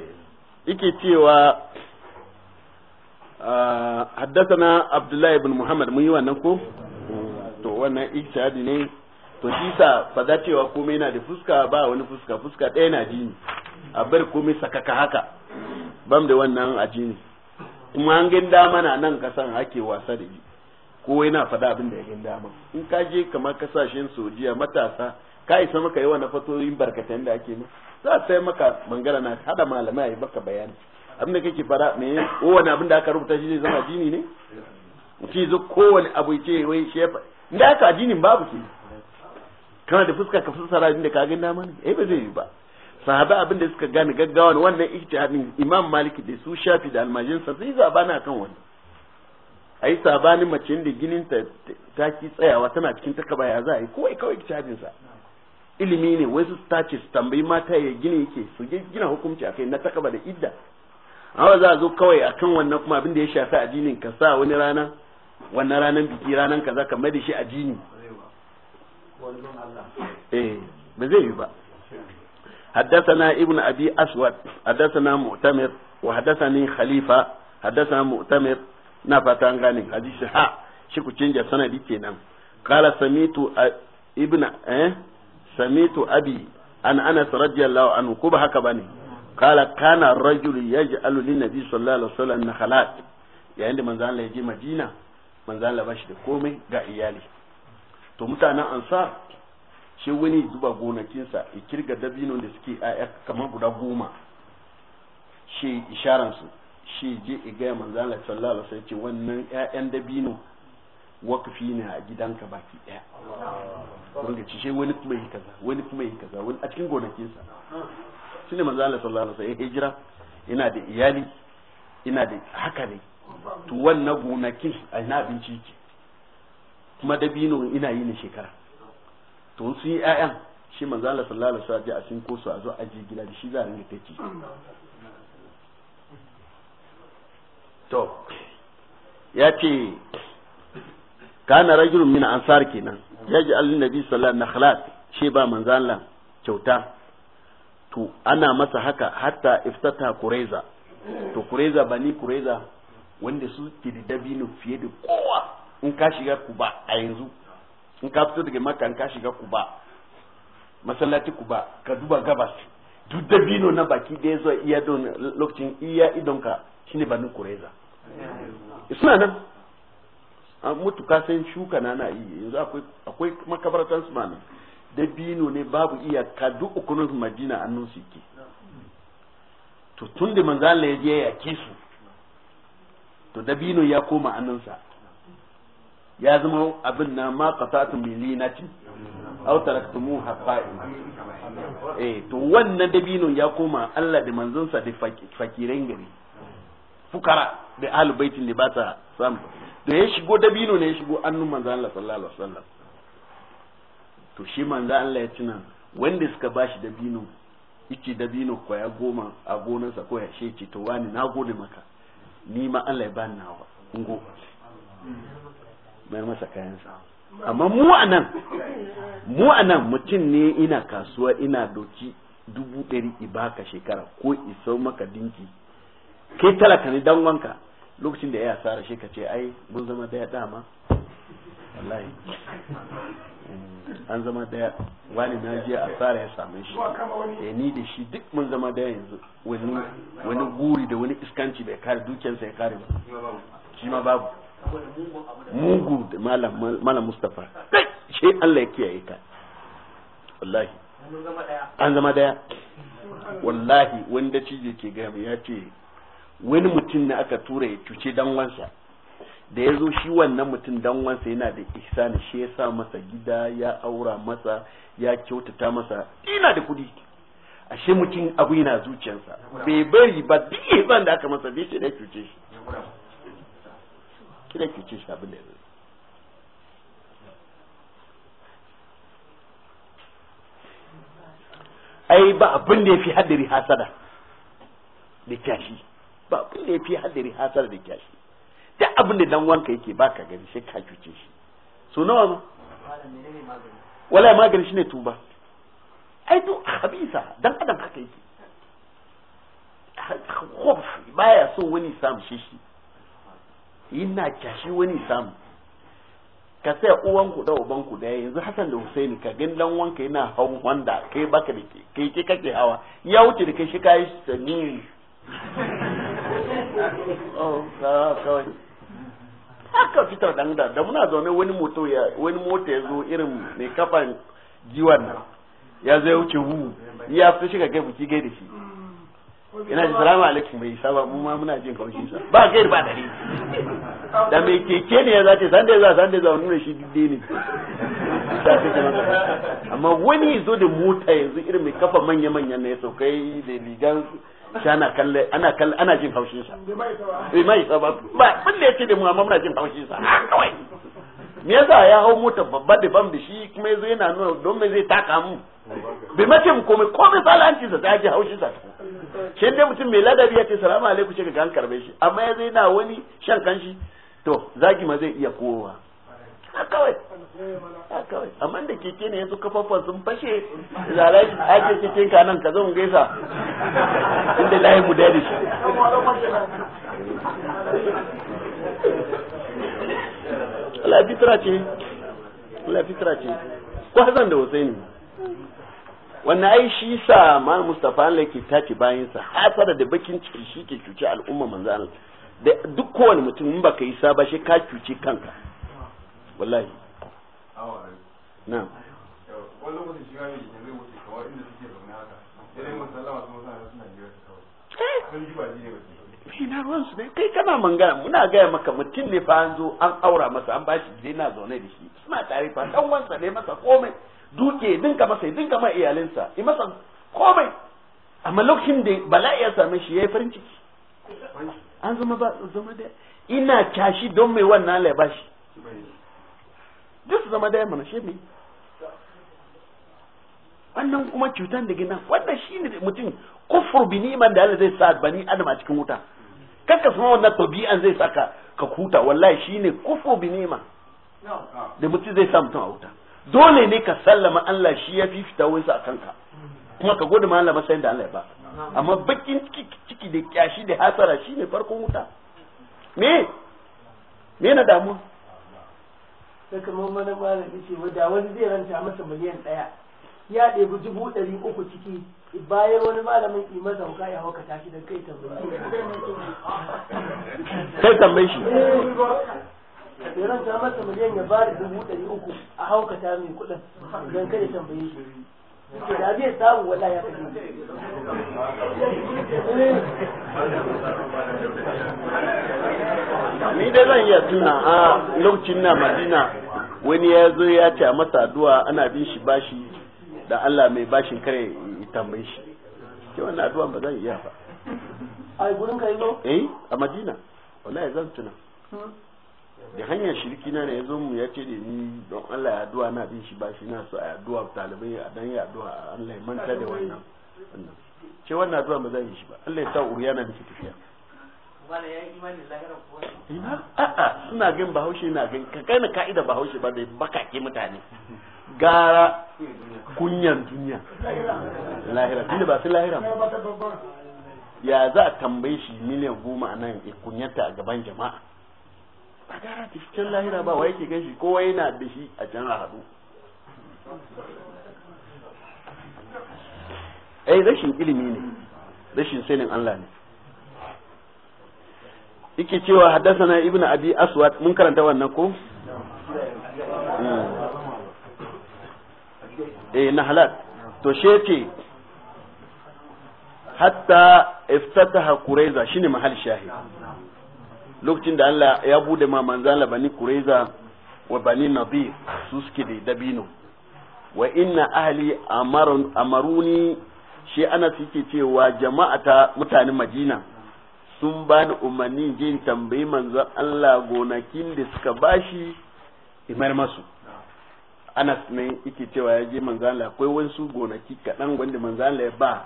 yake cewa ah, haddasa na abdullahi ibn muhammad mun yi wannan ko to wannan ishadi ne to shi sa ba za cewa komai yana da fuska ba wani fuska fuska ɗaya na jini a bar komai sakaka haka bam da wannan a jini kuma an gan dama na nan kasan ake wasa da shi ko yana faɗa abin da ya gan dama in ka je kamar kasashen sojiya matasa ka isa maka yawa na fatoyin barkatan da ake nan za a sai maka mangara na hada malamai a yi baka bayani abin da kake fara me kowane abin da aka rubuta shi zai zama jini ne shi zo kowane abu ce wai shefa da aka jinin babu ke kana da fuska ka fassara abin da ka gani dama ne eh ba zai yi ba sahaba abin da suka gane gaggawa ne wannan ijtihadin imam maliki da su shafi da almajin sa sai zabana kan wannan ai sabanin mace da ginin ta ta tsayawa tana cikin takaba ya za a yi kawai kawai ijtihadin sa ilimi ne wai su tace su tambayi mata ya gina yake su gina hukunci akai na takaba da idda amma za a zo kawai akan wannan kuma abin da ya shafi addinin ka sa wani rana wannan ranan biki ranan kaza ka mai da shi addini eh ba zai حدثنا ابن أبي أسود حدثنا مؤتمر وحدثني خليفة حدثنا مؤتمر نفتا غني حديث ها شكو تشنجا سندي كينان قال سميت ابن eh سميت أبي أن انس رضي الله عنه كوبا هكا قال كان الرجل يجعل للنبي صلى الله عليه وسلم نخلات يعني من manzo يجي مدينة من Madina manzo Allah ba shi da komai to mutanen ansar shi wani zuba gonakinsa ya kirga dabinon da suke aya kamar guda goma shi isharansu shi je a gaya manzan Allah sallallahu alaihi ce wannan ƴaƴan dabino wakafi ne a gidanka baki ɗaya wanda ci shi wani kuma yi kaza wani kuma yi kaza wani a cikin gonakinsa shi ne manzan Allah sallallahu alaihi ya hijira ina da iyali ina da haka ne to wannan gonakin a ina abinci yake kuma dabinon ina yi ne shekara to sun yi ƴaƴan shi manzo Allah sallallahu alaihi wasallam a sun koso a zo aji gida da shi za a ringa take to ya ce kana rajulun min ansar kenan ya ji alin nabi sallallahu alaihi wasallam shi ba manzo Allah kyauta to ana masa haka hatta iftata kureza to kureza bani kureza wanda su ke da dabino fiye da kowa in ka shiga kuba a yanzu in ka fito daga maka in ka shiga kuba masallaci kuba ka duba gabas duk dabino na baki da ya zo iya don lokacin iya idon ka shine banu kureza suna nan a mutu ka san shuka na na yanzu akwai akwai makabaratan su da dabino ne babu iya ka duk ukunun madina annun su ke to tun da ya je ya kisu su to dabino ya koma annansa ya zama abin na ma qatatu milinatin aw taraktumuha qa'ima eh to wannan dabinon ya koma Allah da manzonsa da fakirin gari fukara da ahlul baitin da ba ta samu da ya shigo dabino ne ya shigo annun manzo Allah sallallahu alaihi wasallam to shi manzo Allah ya tuna wanda suka bashi dabino yace dabino ya goma a sa ko ya ce to wani na gode maka ni ma Allah ya bani nawa ungo mayar masa kayansa amma mu a nan mu a nan mutum ne ina kasuwa ina doki dubu ɗari ibaka shekara ko iso maka dinki kai talaka ne dan wanka lokacin da ya asara shi ka ce ai mun zama daya dama wallahi an zama daya wani na je asara ya same shi ya eh, ni da shi duk mun zama daya yanzu wani wani guri da wani iskanci bai kare dukiyarsa ya kare ba shi ma babu mugu da malam mustafa shi Allah ya kiyaye ka wallahi an zama daya wallahi wanda cije ke gami ya ce wani mutum ne aka tura ya cuce danwansa da ya zo shi wannan mutum danwansa yana da ihsani shi ya sa masa gida ya aura masa ya kyautata masa ina da kudi ashe mutum abu yana zuciyarsa bai bari ba duk da aka masa bai shi da cuce shi kira ke cin shi abin da yanzu ai ba abin da ya fi haddari hasada da kyashi ba abin da ya fi haddari hasada da kyashi duk abin da dan wanka yake ka gari sai ka cuce shi so nawa ma wala magani shine tuba ai duk habisa dan adam haka yake khof baya so wani samu shi ina kyashi wani samu ka sai uwan ku da uban ku da yanzu Hassan da Husaini ka gin dan wanka yana hawan wanda kai baka da ke kai ke kake hawa ya wuce da kai shi kai sani oh ka kawai haka fitar dan da da muna zaune wani moto ya wani mota ya zo irin mai kafan jiwan nan ya zo ya wuce hu ya fi shiga kai buki gai da shi Ina ji salamu alaikum bai saba ba mu ma muna jin kaushin sa ba gair ba dare da mai keke ne ya zace san da za san da za wannan shi dide ne amma wani zo da mota yanzu irin mai kafa manya manyan ne so kai da ligan shi ana kalle ana kalle ana jin kaushin sa bai mai sa ba ba bin da yake da mu amma muna jin kaushin sa kawai me yasa ya hau mota babba daban da shi kuma yazo yana nuna don me zai taka mu bai mace mu komai komai salanci sa ta ji haushi sa shi dai mutum mai ladabi ya ce salamu alaikum shi ga an karbe shi amma yazo yana wani shan kanshi to zagi ma zai iya kowa kawai kawai amma da keke ne yanzu kafafuwan sun fashe zalai ake cikin ka nan ka zo mu gaisa inda layi mu dade shi Allah fitra ce Allah fitra ce ko Hassan da wannan ai shi sa Mustafa Allah ke tace bayan sa hasara da bakin ciki shi ke cuci al'umma manzo Allah da duk kowane mutum in baka yi saba shi ka cuci kanka wallahi na'am wani mutum shi ga ne zai wuce kawai inda suke zaune haka sai dai musallama sun sa suna jira kawai ce na ruwan su ne kai kana mangana muna gaya maka mutum ne fa an zo an aura masa an bashi gida na zaune da shi suna tare fa dan wansa ne masa komai duke dinka masa dinka ma iyalinsa i masa komai amma lokacin da bala'i ya same shi yayi farin ciki an zama ba zama da ina kashi don mai wannan Allah ya bashi dusu zama da mana shi ne wannan kuma cutan da gina wannan shine mutum kufur bi niman da Allah zai sa bani adam a cikin wuta kaka san wannan tabi'an zai saka ka huta wallahi shine kufu bi ni'ma da mutum zai sa mutum a wuta dole ne ka sallama Allah shi ya fi fita wai sa kanka kuma ka gode ma Allah masayin da Allah ya ba amma bakin ciki da kyashi da hasara shine farkon wuta me me na damu sai kamar wani malami ce da wani zai ranta masa miliyan daya ya ɗebi dubu ɗari uku ciki bayan wani malamin imar da hauka ya hauka tashi da kai tambayi kai tambayi shi yaran ta masa miliyan ya ba da dubu ɗari uku a hauka ta mai kuɗin don kai da tambayi shi ke da zai samu wala ya kaji ni dai zan iya tuna a lokacin na madina wani ya zo ya ce a masa addu'a ana bin shi bashi da Allah mai bashin kare tambaye shi ke wannan addu'a ba zan iya ba ai gurin kai zo eh a Madina wallahi zan tuna hmm. da hanyar shirki na ne ya zo mu ya ce da ni don Allah ya addu'a na bin shi ba shi na so a addu'a talibai a dan ya addu'a Allah ya manta da wannan ce wannan addu'a ba zan yi shi ba Allah ya sa uriyana miki tafiya a'a suna gan bahaushe na gan ka kaina ka'ida bahaushe ba da bakake mutane gara kunyan duniya lahira duniya ba su lahira ya za a tambaye shi miliyan goma a nan ya kunyata a gaban jama'a ba gara ta shi can lahira ba wa ke gan shi kowa yana da shi a can a haɗu ai eh, rashin ilimi ne rashin sanin Allah ne yake cewa haddasa na ibnu abi aswad mun karanta wannan ko eh na halal to she hatta iftataha kureza shine mahal shahi lokacin da Allah ya bude ma manzo Allah bani kureza wa bani nadir su suke da dabino wa inna ahli amarun amaruni shi ana suke cewa jama'ata mutanen Madina sun bani umarni jin tambayi manzon Allah gonakin da suka bashi imar masu anas ne yake cewa ya je manzala akwai wasu gonaki kaɗan wanda manzala ya ba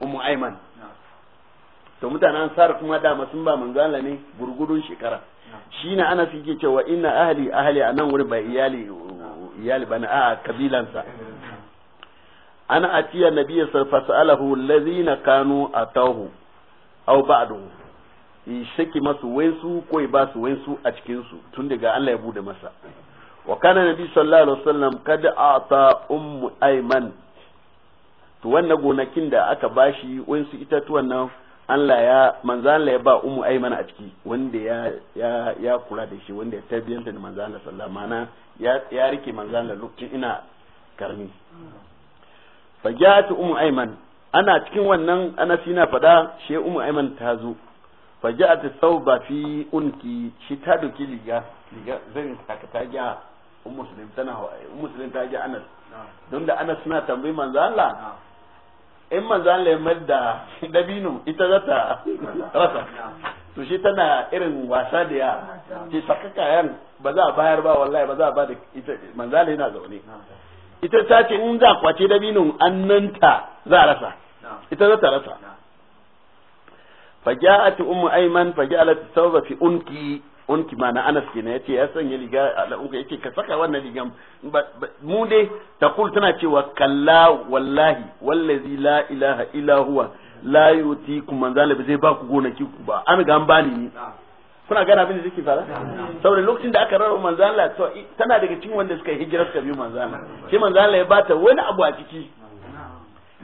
umu aiman to mutanen sarar kuma dama sun ba manzala ne gurgudun shekara shi na anas yake cewa ina ahali ahali a nan wuri ba iyali iyali na a kabilansa ana atiya nabiyya fasalahu allazina kanu atahu aw ba'du shaki masu wensu ko ba su wensu a cikinsu su tun daga Allah ya bude masa wa kana nabi sallallahu alaihi wasallam kad ata ummu ayman to wannan gonakin da aka bashi wayansu itatuwan nan Allah ya manzo Allah ya ba ummu ayman a ciki wanda ya ya ya kula da shi wanda ya tarbiyanta da manzo Allah sallallahu alaihi ya ya rike manzo Allah lokacin ina karmi fa ja'at ummu ayman ana cikin wannan anasi na fada she ummu ayman ta zo fa ja'at thawba fi unki shi ta doki liga liga zan ta ta ja um tana um muslim ta ji anas don da anas suna tambayi manzo Allah in manzo Allah ya madda dabino ita za ta rasa to shi tana irin wasa da ya ce sakaka kayan ba za a bayar ba wallahi ba za a ba da ita manzo Allah yana zaune ita ta ce in za kwace dabino annanta za a rasa ita za ta rasa فجاءت ummu ayman فجعلت الثوب fi unki unki ma na Anas ke ya ce ya sanya riga a al'unka yace ka saka wannan rigan mu dai kul tana cewa kalla wallahi wallazi la ilaha illa huwa la yuti kum man zalib zai ba ku gonaki ku ba an ga an bani ni kuna ga abin da suke fara saboda lokacin da aka rarraba manzala to tana daga cikin wanda suka hijira suka biyu manzala shi manzala ya bata wani abu a ciki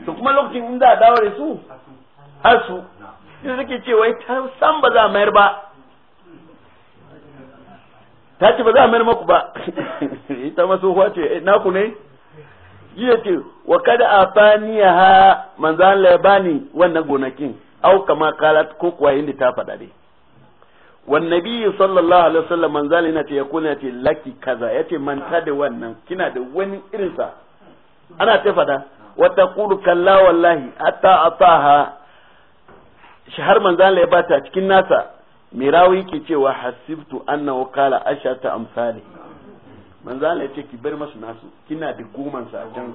to kuma lokacin inda da dawo da su har su in suke cewa ta san ba za mayar ba ta ce ba za a mayar maku ba ita ma tsohuwa ce eh, naku ne jiya ce wa kada a ya ha manzo Allah ya bani wannan gonakin au kama kalat ko kuwa inda ta faɗa dai wan nabi sallallahu alaihi wasallam manzo Allah yana ce ya kuna ce laki kaza yace manta da wannan kina da wani irin sa ana ta faɗa wa taqulu kalla wallahi hatta a shi har manzo Allah ya bata cikin nasa mirawi yake cewa hasibtu annahu qala ashata amsali manzala ya ce ki bar masu nasu kina da goma sa can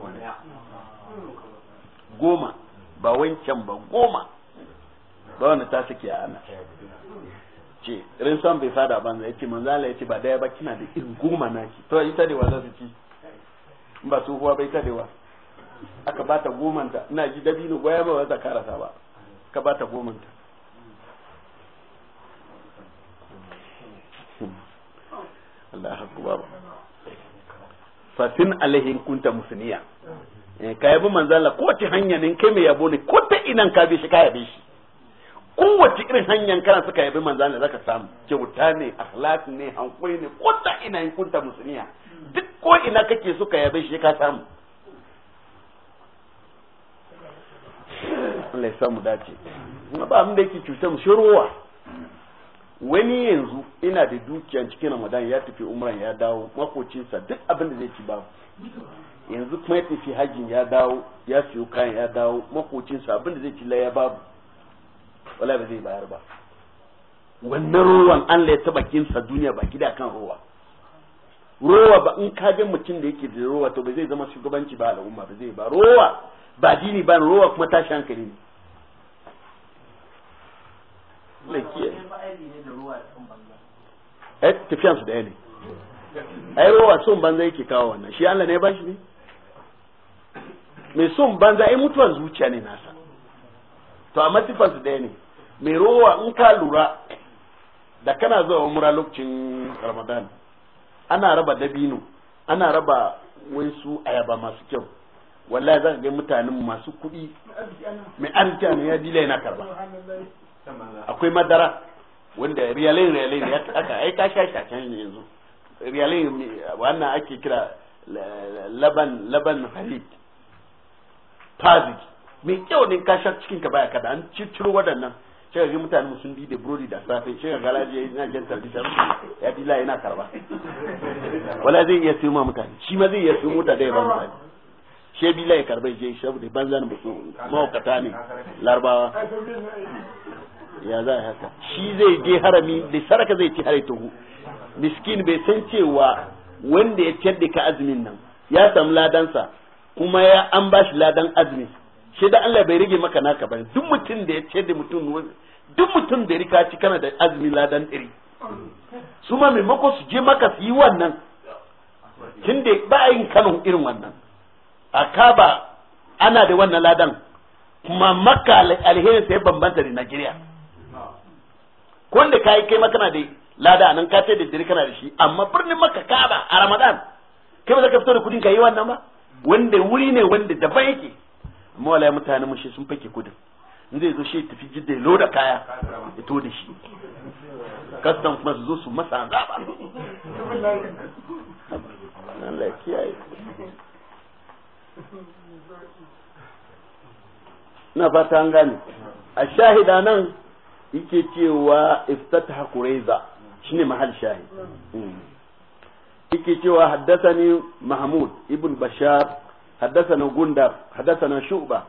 goma ba wancan ba goma ba wanda ta saki a ana ce rinsan bai fada banza ya ce manzala ya ce ba daya ba kina da irin goma naki to ita da wa za ci in ba tsohuwa ba ita da wa aka bata gomanta ina ji dabino goya ba za ta karasa ba ka bata gomanta Allah akbar fatin alaihin kunta musuniya eh, ka yabi manzala ko ta hanya ne kai mai yabo ne ko ta inan ka bi shi ka yabe shi kowace irin hanyar kana suka yabi manzala zaka samu kyauta ne akhlaq ne hankuri ne ko ta inan kunta musuniya duk ko ina kake so ka yabe shi ka samu Allah ya samu dace ba abin da yake cutar mu shiruwa wani yanzu ina da dukiya cikin ramadan ya tafi umran ya dawo makocinsa duk abin da zai ci babu yanzu kuma ya tafi hajjin ya dawo ya siyo kayan ya dawo makocinsa abin da zai ci ya babu wala ba zai bayar ba wannan ruwan an ya taba kinsa duniya ba gida kan ruwa rowa ba in ka ga mutum da yake da rowa to ba zai zama shugabanci ba al'umma ba zai ba rowa ba dini ba rowa kuma tashi hankali ne lakiya eh tafiyan su da ne ai ruwa son banza yake kawo wannan shi Allah ne ba shi ne mai son banza ai mutuwan zuciya ne nasa to amma tifan su da ne mai ruwa in ka lura da kana zuwa umra lokacin Ramadan ana raba dabino ana raba wai su ayaba masu kyau wallahi za ka ga mutanen masu kuɗi mai arziki ne ya dila yana karba akwai madara wanda riyalin riyalin ya aka ai ka sha can yanzu riyalin wannan ake kira laban laban harik tazi mai kyau ne ka sha cikin ka baya kada an ciciro waɗannan sai ga mutane sun bi da burodi da safe sai ga galaji yana jan tarbisa ya bi la yana karba wala zai iya sayo ma mutane shi ma zai iya sayo mota da ya ba mutane she bi la ya karba je saboda banzan musu mahaukata ne larbawa ya za a haka shi zai je harami da saraka zai ci tuhu miskin bai san cewa wanda ya ciyar da ka azumin nan ya samu ladansa kuma ya an ba shi ladan azumi shi da Allah bai rage maka naka ba duk mutum da ya ciyar da mutum duk mutum da rika ci kana da azumi ladan ɗari su ma maimako su je maka su yi wannan tun da ba yin kano irin wannan a kaba ana da wannan ladan kuma maka alherin sai bambanta da Najeriya ko wanda kai kai ma kana da lada nan ka sai da dare kana da shi amma birnin maka kaba a ramadan kai ba za ka fito da kudin ka yi wannan ba wanda wuri ne wanda daban yake amma wala mutanen mu shi sun fake kudin in zai zo shi tafi jidda ya da kaya ya to da shi kastan kuma su zo su masa azaba Allah kiyaye na fata an gane a shahida nan yake cewa iftataha shi shine mahal shahi mm. yake cewa haddathani mahmud ibn bashar na gundar na shu'ba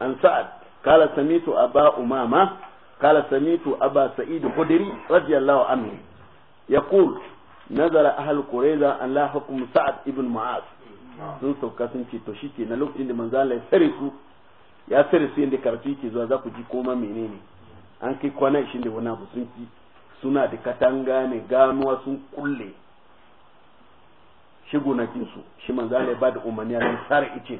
an sa'ad kala samitu aba umama kala samitu aba sa'id khudri radiyallahu anhu kul nazara ahal kureza an la sa'ad ibn ma'az sun sauka sun ce to shi ke na lokacin da manzo Allah ya sare su ya sare su karfi ke zuwa za ku ji koma menene an kai kwana 20 da wani abu sun fi suna da katanga ne ganuwa sun kulle shi gonakinsu shi manzo Allah ya da umarni a sare ice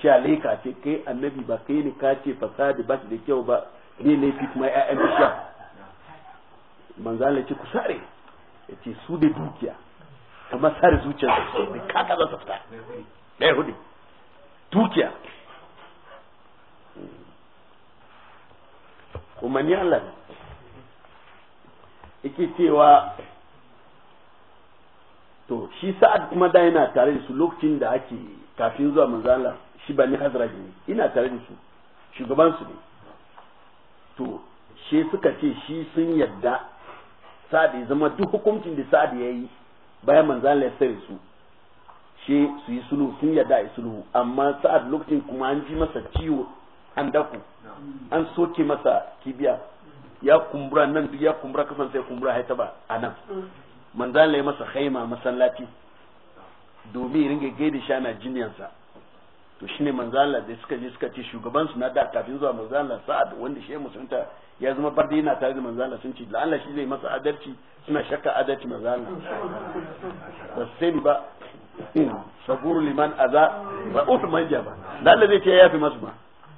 shi alaika ce kai annabi ba kai ne ka ce fasadi ba da kyau ba ni ne fi kuma ƴaƴan bishiya manzo Allah ce ku sare ya ce su da dukiya kuma sare zuciyarsu da kaka za su fita ɗaya hudu dukiya umarni Allah ne yake cewa to shi sa'ad kuma da yana tare da su lokacin da ake kafin zuwa manzala shi ba ni hazrat ne ina tare da su shugaban su ne to shi suka ce shi sun yadda sa'ad ya zama duk hukuncin da sa'ad ya yi bayan manzala ya sare su shi su yi sulhu sun yadda a yi sulhu amma sa'ad lokacin kuma an ji masa ciwo an daku an soke masa kibiya ya kumbura nan duk ya kumbura kasan sai kumbura haita ba a nan manzan lai masa haima masallaci domin ringa gaida sha na jiniyansa to shine manzala da suka je suka ce shugaban su na da kafin zuwa manzala sa'ad wanda shi musulunta ya zama bardi yana tare da manzala sun ce la'alla shi zai masa adalci suna shakka adalci manzala ba sai ba saburu liman aza ba utu manja ba la'alla zai ce ya fi masu ba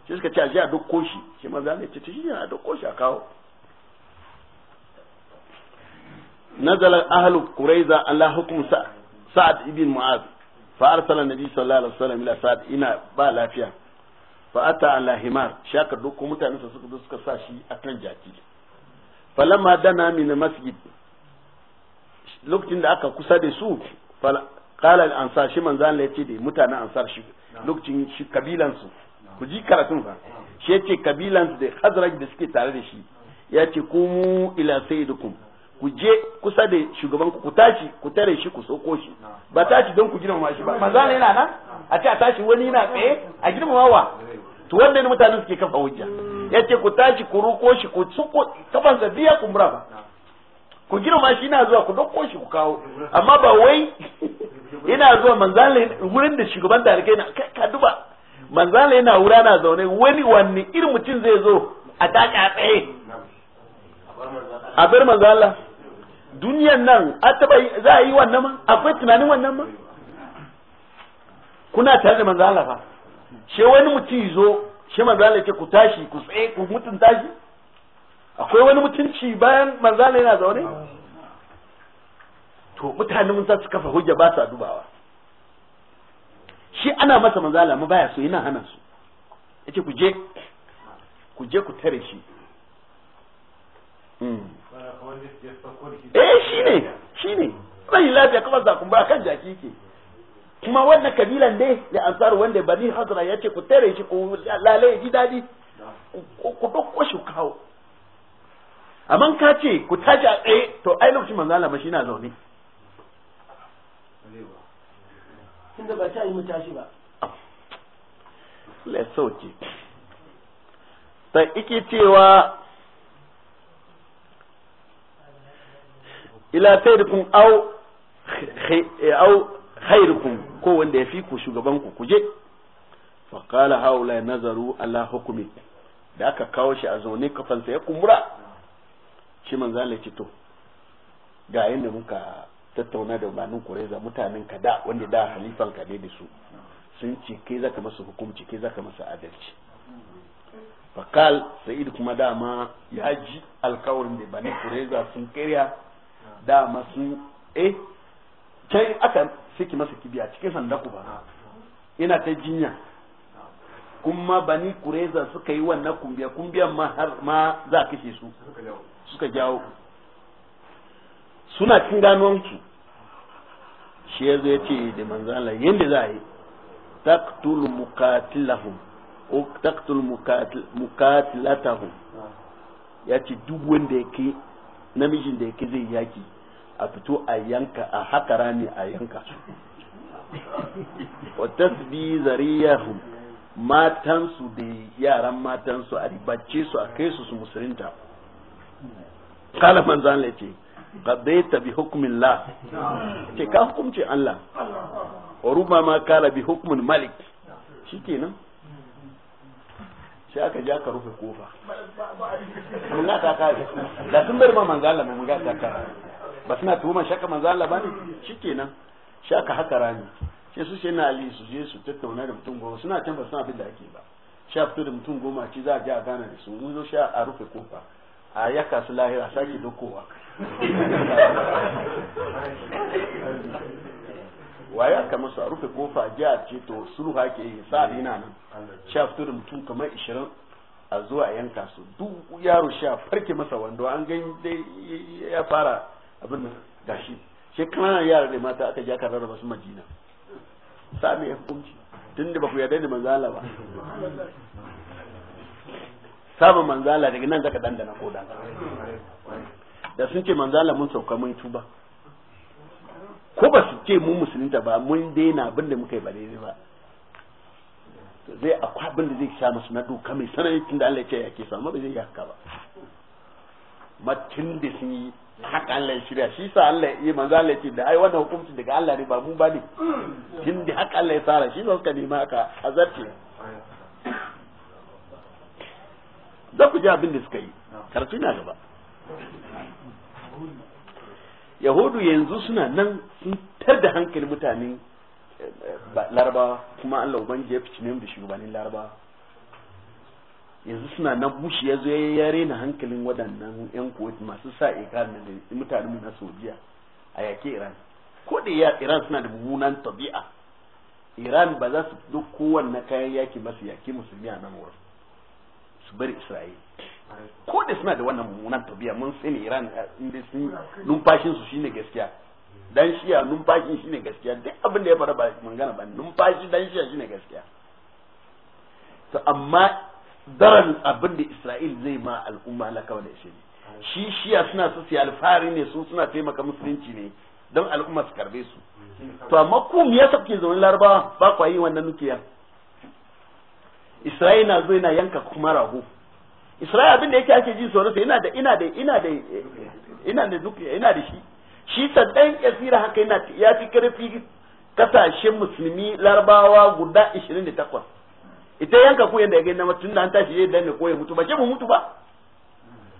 shi suka ce a je a dokko shi shi ma zai ce ta shi ne a dokko shi a kawo nazala ahlu quraiza ala hukum sa'ad ibn mu'az fa arsala nabi sallallahu alaihi wasallam ila sa'ad ina ba lafiya fa ata ala himar shi aka dokko mutanen sa suka suka sa shi akan jaki falamma dana min masjid lokacin da aka kusa da su qala al ansar shi manzan Allah ya da mutanen ansar shi lokacin shi kabilan su ku ji karatun fa shi yace kabilan da hazraj da suke tare da shi yace kumu ila sayyidukum ku je kusa da shugaban ku tashi ku tare shi ku soko shi ba tashi don ku girmama shi ba maza ne yana nan a ce a tashi wani yana tsaye a girmamawa to wanda ne mutanen suke kafa hujja yace ku tashi ku roko shi ku suko sa biya mura ba ku girma shi yana zuwa ku dauko shi ku kawo amma ba wai yana zuwa manzalin wurin da shugaban dalibai na ka duba manzala yana wura na zaune wani wanne irin mutum zai zo a taƙi a tsaye a bar manzala duniyan nan a taba za a yi wannan ma akwai tunanin wannan ma kuna tare da manzala fa she wani mutum zo she manzala ce ku tashi ku tsaye ku mutunta tashi akwai wani mutunci bayan manzala yana zaune to mutane mun sa su kafa hujja ba sa dubawa shi ana masa manzala mu baya so yana hana su yace ku je ku je ku tare shi hmm. eh shine shine bai lafiya kuma zakun ba kan jaki ke kuma wannan kabilan dai da ansar wanda bani hazra yace ku tare shi ku lalle ji dadi ku dokko shi kawo amma ka ce ku tashi a tsaye to ai lokacin manzala Allah ba shi na zaune tunda ba ta yi mu tashi ba Allah sauke iki cewa ila sayrikum au eh, au ko wanda ya fi ku shugaban ku kuje fa qala haula nazaru ala hukumi da aka kawo shi a zaune kafansa ya kumbura shi manzo Allah ci to ga yanda muka tattauna da banin kureza mutanen ka da wanda da halifan ka ne da su sun ce kai zaka masa hukunci kai zaka masa adalci fakal sa'id kuma dama ya ji alkawarin da bani kureza sun kirya dama sun eh can aka siki masa kibiya cikin sandaku ba ina ta jinya kuma bani kureza suka yi wannan kumbiya kumbiyan ma har ma za kashe su suka jawo suna cin ganuwanki shi ya zo ya ce da manzala yadda za a yi taktul mukatilahum taktul mukatilatahum ya ce duk wanda yake namijin da yake zai yaki a fito a yanka a haka rami a yanka su wa tasbi zariyahum matansu da yaran matansu a ribace su a kai su su musulunta kala manzan ce qadaita bi hukmillah ce ka hukunci Allah wa ma kala bi hukmin malik shikenan sai aka ja ka rufe kofa mun ga ta kare da sun bar ma manzo Allah mun ga ta kare ba suna tuhuma shaka manzo Allah bane shikenan shaka haka rani sai su sai na Ali su je su tattauna da mutum goma suna can ba suna abin da ake ba sha fito da mutum goma ci za a je a gana da su mun zo sha a rufe kofa a su lahir lahira sake dokowa ya kama su a rufe kofa jihar ce to sulhu ke yi sa'adi na nan sha mutum kamar ishirin a zuwa yanka su duk yaro sha farke masa wando an gani dai ya fara abin da gashi shi kananan yara da mata aka ja rarraba masu majina sami ya hukunci tun da ba ku yarda da manzala ba saba manzala daga nan zaka dandana ko da da sun ce manzala mun sauka mun tuba ko ba su ce mun musulunta ba mun daina abin da muka yi ba daidai ba zai akwai abin da zai sha musu na doka mai sanayi tun da Allah ya ce ya ke samu ba zai yi haka ba matin da sun yi haka Allah ya shirya shi sa Allah ya yi manzo Allah ya ce da ai wannan hukunci daga Allah ne ba mu ba ne tun da haka Allah ya tsara shi suka nema haka azarci za ku ji abin da suka yi karfi na gaba yahudu yanzu suna nan sun tar da hankali mutanen eh, eh, larabawa kuma allah ubangiji ya fice nemi da shugabannin larabawa yanzu suna nan bushi ya zo ya rena hankalin waɗannan yan kuwait masu sa ikar da mutanen na saudiya a yake iran ko da ya iran suna da mummunan tabi'a iran ba za su duk kowanne kayan yaki masu yaki musulmi a nan wurin su bari isra'ila ko da suna da wannan mummunan tabiya mun sani iran eh, inda sun numfashin su shine gaskiya dan shiya numfashin shine gaskiya duk abin da ya fara ba mangana ba numfashi dan shiya shine gaskiya to amma daren abin da isra'il zai ma al'umma na kawai da shi shi shiya suna su siya alfahari ne su suna taimaka musulunci ne don al'umma su karbe su to amma ku me yasa kuke zaune larabawa ba kwa yi wannan nukiyar Isra'ila na zo yana yanka kuma rago Isra'ila abin da yake ake ji tsoro yana ina da ina da ina da ina da duk ina da shi shi sadan yasira haka yana ya fi karfi kasashen musulmi larabawa guda 28 ita yanka ko yanda ya gani na tun da an tashi yayin da ne ko ya mutu ba ke mu mutu ba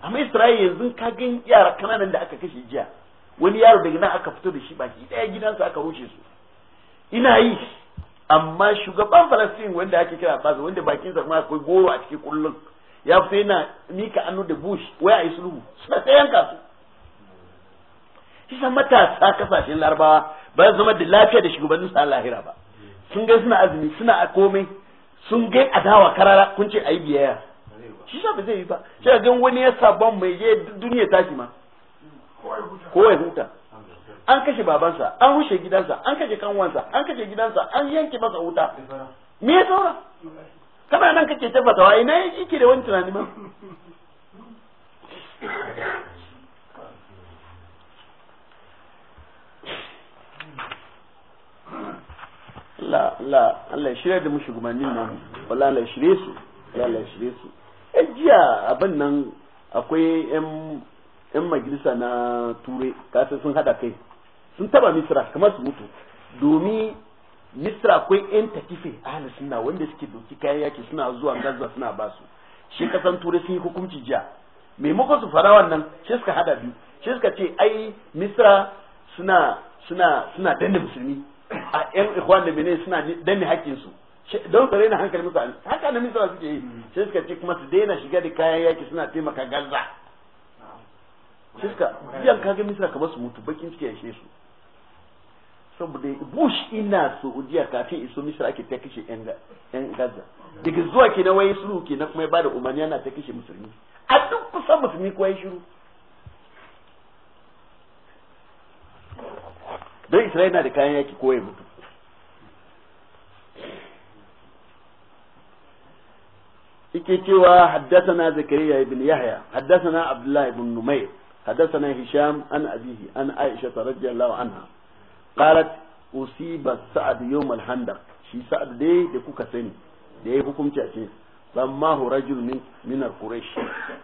amma Isra'ila yanzu ka gan yara kananan da aka kashe jiya wani yaro daga nan aka fito da shi baki daya gidansa aka rushe su ina yi amma shugaban falastin wanda ake kira abbas wanda bakin sa kuma akwai goro a cikin kullun ya fi yana mika annu da bush waya yi sulhu suna sai yanka su shi matasa kasashen larabawa ba zama da lafiya da shugabannin sa lahira ba sun ga suna azumi suna a komai sun ga adawa karara kun ce ayi biyayya shi sa ba zai yi ba shi ga wani ya sabon mai je duniya tashi ma ko ya huta an kashe babansa an rushe gidansa an kashe kanwansa an kashe gidansa an yanke masa wuta me ya saura kana nan kake tabbatawa ina yake da wani tunani ma la la Allah ya shirya da mu shugabannin nan wallahi Allah ya shirye su Allah ya shirye su eh abin nan akwai yan yan majalisa na ture kasan sun hada kai sun taba misra kamar su mutu domin misra akwai yan takife hannun suna wanda suke doki kayan yaki suna zuwa gaza suna basu shi kasan turai sun yi hukunci jiya maimakon su fara wannan shi suka hada biyu shi suka ce ai misra suna suna suna danne musulmi a yan ikhwan da menene suna danne hakkin su don su raina hankali musu haka na misra suke yi shi suka ce kuma su daina shiga da kayan yaki suna taimaka gaza shi suka biyan kage misra kamar su mutu bakin ciki ya su saboda bush ina saudiya kafin iso misra ake ta kashe yan gaza daga zuwa ke na waye suru ke na kuma ya bada umarni yana ta kashe musulmi a duk kusan musulmi kuwa ya shiru don isra'ila na da kayan yaki ko ya mutu ike cewa haddathana zakariya ibn yahya haddathana abdullahi ibn numayr haddathana hisham an abihi an aisha radiyallahu anha qalat usiba sa'ad yawm al-handaq shi sa'ad dai da kuka sani da yayi hukunci a cikin lamma hu rajul min min al-quraish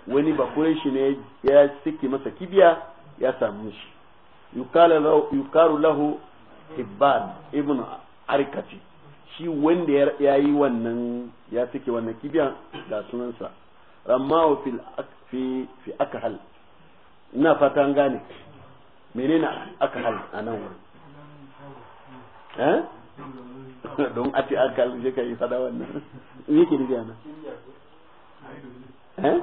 wani ba quraish ne ya siki masa kibiya ya samu shi yukala lahu yukaru lahu hibban ibn arkati shi wanda ya yi wannan ya sike wannan kibiyan ga sunansa ramma fil fi fi akahal ina fatan gane menene akahal a nan wurin Eh? don a ti an kalli shi ka yi fada wannan me ke nufi ana eh?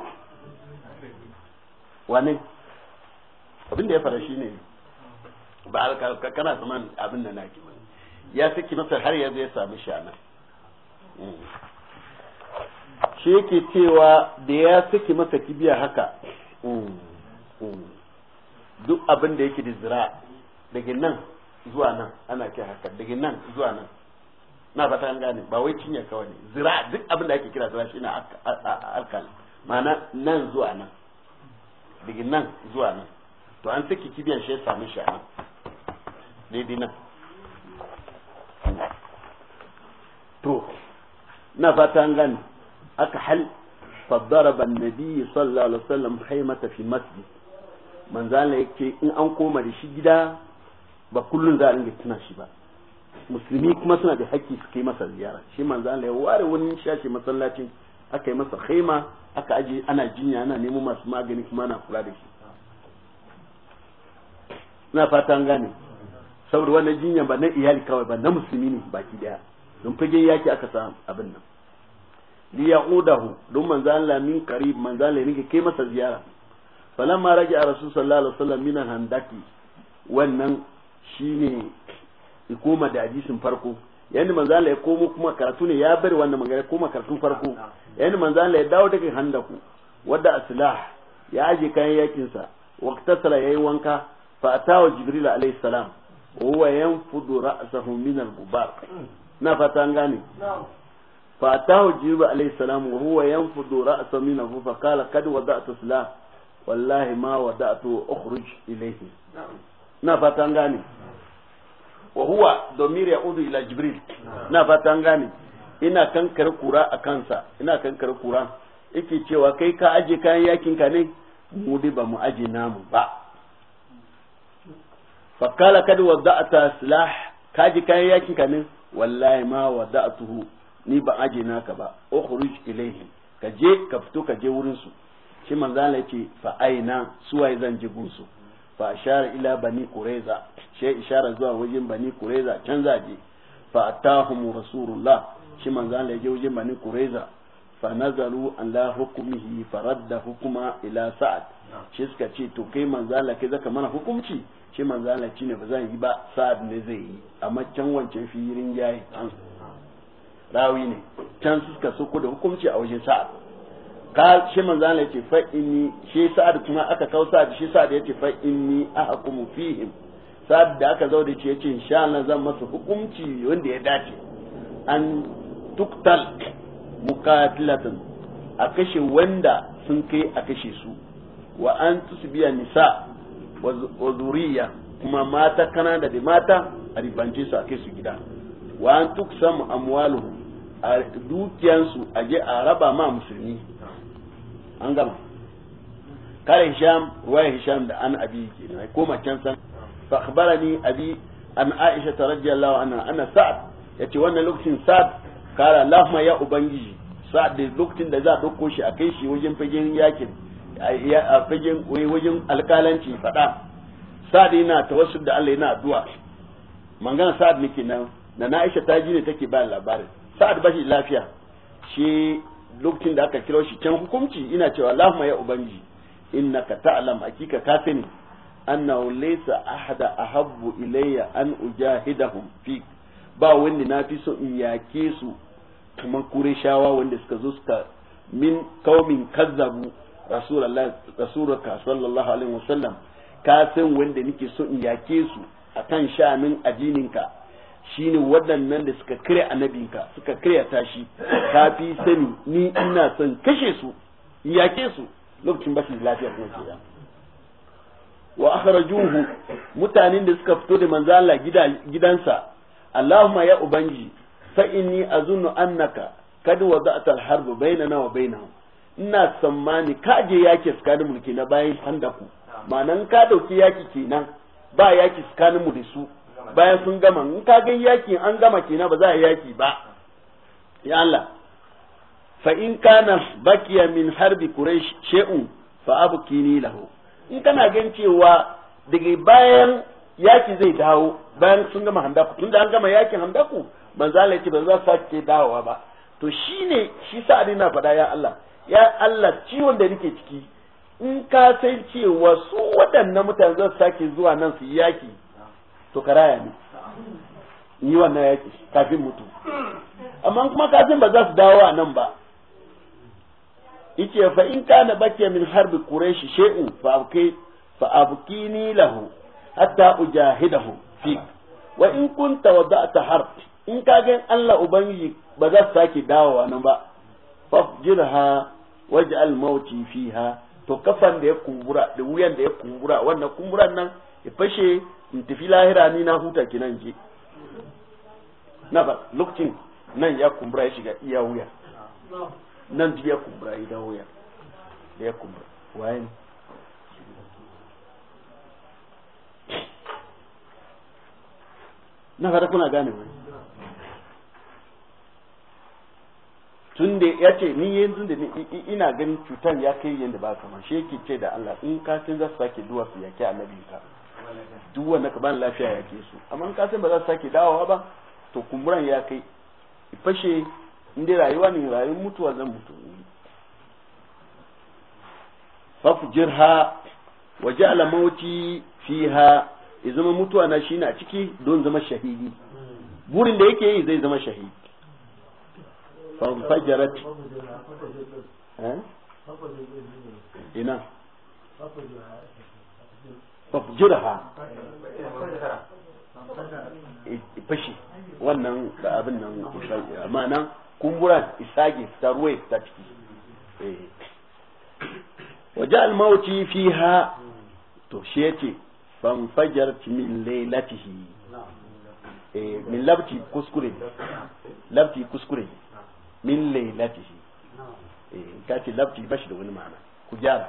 wane abin da ya fara shi ne ba a kana saman abin da naki ba ya saki masa har ya zai sami shana hmm. shi yake cewa da ya saki masa kibiya haka hmm, hmm, duk abin da yake da zira daga nan zuwa nan ana kai haka daga nan zuwa nan na fata an gane ba wai cinya kawai ne zira duk abin da ake kira zira ne alkal ma'ana nan zuwa nan daga nan zuwa nan to an saki kibiyan shi ya samu shi a nan daidai nan to na fata an gane aka hal sallallahu alaihi wasallam haimata fi masjid manzala yake in an koma da shi gida. ba kullun za a ringa tuna shi ba musulmi kuma suna da haƙƙi su kai masa ziyara shi manzo Allah ya ware wani shashi masallacin aka yi masa khaima aka aje ana jinya ana nemo masu magani kuma ana kula da shi na fata an gane saboda wannan jinya ba na iyali kawai ba na musulmi ne baki daya don fage yaki aka sa abin nan li yaqudahu don manzo Allah min qarib manzo Allah ne kai masa ziyara falamma raja'a rasul sallallahu alaihi wasallam min handaki wannan shine ikoma da hadisin farko yadda manzo Allah ya komo kuma karatu ne ya bari wannan magana koma karatun farko yadda manzo Allah ya dawo daga handaku wadda aslah ya aje kayan yakin sa ya yayi wanka fa atawa jibril alayhi salam huwa yanfudu ra'sahu min al-gubar na fata an gane fa atawa jibril alayhi salam huwa yanfudu ra'sahu min al fa qala kad wada'tu salah wallahi ma wada'tu ukhruj ilayhi na fatan gane wa huwa domin ya udu ila jibril na fatan gane ina kankar kura a kansa ina kankar kura yake cewa kai ka aje kayan yakin ka ne mu dai ba mu aje namu ba fakala kad wada'ta silah ka aje kayan yakin ka ne wallahi ma wada'tuhu ni ba aje naka ba ukhruj ilayhi ka je ka fito ka je wurin su shi manzala Allah yace fa aina suwaye zan je gunsu fa ashara ila bani qurayza shi ishara zuwa wajen bani qurayza can zaje fa atahum rasulullah shi manzan da yake wajen bani kureza fa nazaru an la hukmihi radda hukuma ila sa'ad shi suka ce to kai manzan la kai zaka mana hukunci shi manzan la ne ba zan yi ba sa'ad ne zai yi amma can wancan firin yayi rawi ne can suka soko da hukunci a wajen sa'ad ka shi manzo ya ce fa inni shi sa'ad kuma aka kawo sa'ad shi sa'ad ya yace fa inni ahkumu fihim sa'ad da aka zo da ya ce insha Allah zan masa hukunci wanda ya dace an tuktal muqatilatan a kashe wanda sun kai a kashe su wa an tusbiya nisa wa zuriya kuma mata kanada da mata a ribance su a kai su gida wa an tuksamu amwaluhum a dukiyansu a je a raba ma musulmi an gama kare hisham ruwaya hisham da an abi ne ko macen san fa akhbarani abi an aisha radiyallahu anha anna sa'd yace wannan lokacin sa'd kara lafma ya ubangiji sa'd da lokacin da za a dauko shi a kai shi wajen fagen yakin a fagen wajen alkalanci fada sa'd yana tawassul da Allah yana addu'a mangana sa'd nake nan na Aisha ta ji ne take ba labarin sa'ad bashi lafiya shi lokacin da aka kira shi can hukunci ina cewa Allahumma ya ubangi innaka ta'lam hakika ka sani annahu laysa ahada ahabbu ilayya an ujahidahum fi ba wanda na fi so in yake su kamar kureshawa wanda suka zo suka min kaumin kazzabu rasulaka sallallahu alaihi wasallam ka san wanda nake so in yake su akan sha'anin ajininka shine waɗannan da suka kare annabinka suka kare tashi ka fi sani ni ina son kashe su yake su lokacin bashi lafiya kuma ke wa akhrajuhu mutanen da suka fito da manzo Allah gidansa Allahumma ya ubangi fa inni azunnu annaka kad wada'ta al-harb bainana wa bainahum ina tsammani ka je yake tsakanin mulki na bayan handaku ma'anan ka dauki yaki kenan ba yaki tsakanin mu da su bayan sun gama in ka gan yaki an gama kina ba za a yaki ba ya Allah fa in kana bakiya min harbi quraish shay'un fa abkini lahu in kana gan cewa daga bayan yaki zai dawo bayan sun gama handaku tunda an gama yakin handaku manzo Allah yake ba za su sake dawowa ba to shine shi sa na faɗa ya Allah ya Allah ciwon da nake ciki in ka san cewa su waɗannan mutane za su sake zuwa nan su yaki to raya ne yi wannan yaki kafin mutu amma kuma kafin ba za su dawo a nan ba yace fa in na bake min harbi quraish shay'un fa abki fa abkini lahu hatta ujahidahu fi wa in kunta wada'ta harbi in ka ga Allah ubangiji ba za su sake a nan ba fa fafjirha waj'al fi fiha to kafan da ya kumbura da wuyan da ya kumbura wannan kumburan nan ya fashe in tafi lahira ni na huta ki nan je na ba lokacin nan ya kumbura ya shiga iya wuya nan ji ya kumbura ya dawo ya da ya kumbura waye ne na fata kuna gane wani tun da ya ce ni yanzu da ina ganin cutar ya kai yadda ba kamar shi yake ce da Allah in ka za su sake duwa su yake annabinka duk wanda ka ban lafiya ya ke su amma in ka san ba za su sake dawowa ba to kumburan ya kai fashe inda rayuwa ne rayuwar mutuwa zan mutu fafjirha wa ja'ala mauti fiha ya zama mutuwa na shi na ciki don zama shahidi burin da yake yi zai zama shahidi fajarat eh? ina fafjurha fashi wannan da abin nan amma nan kumbura isage fita ruwa ta ciki eh. waje almauti fi ha to shi ya ce fanfajar min lailatihi eh, min labti kuskure labti kuskure min lailatihi eh, ka ce labti bashi da wani ma'ana ku gyara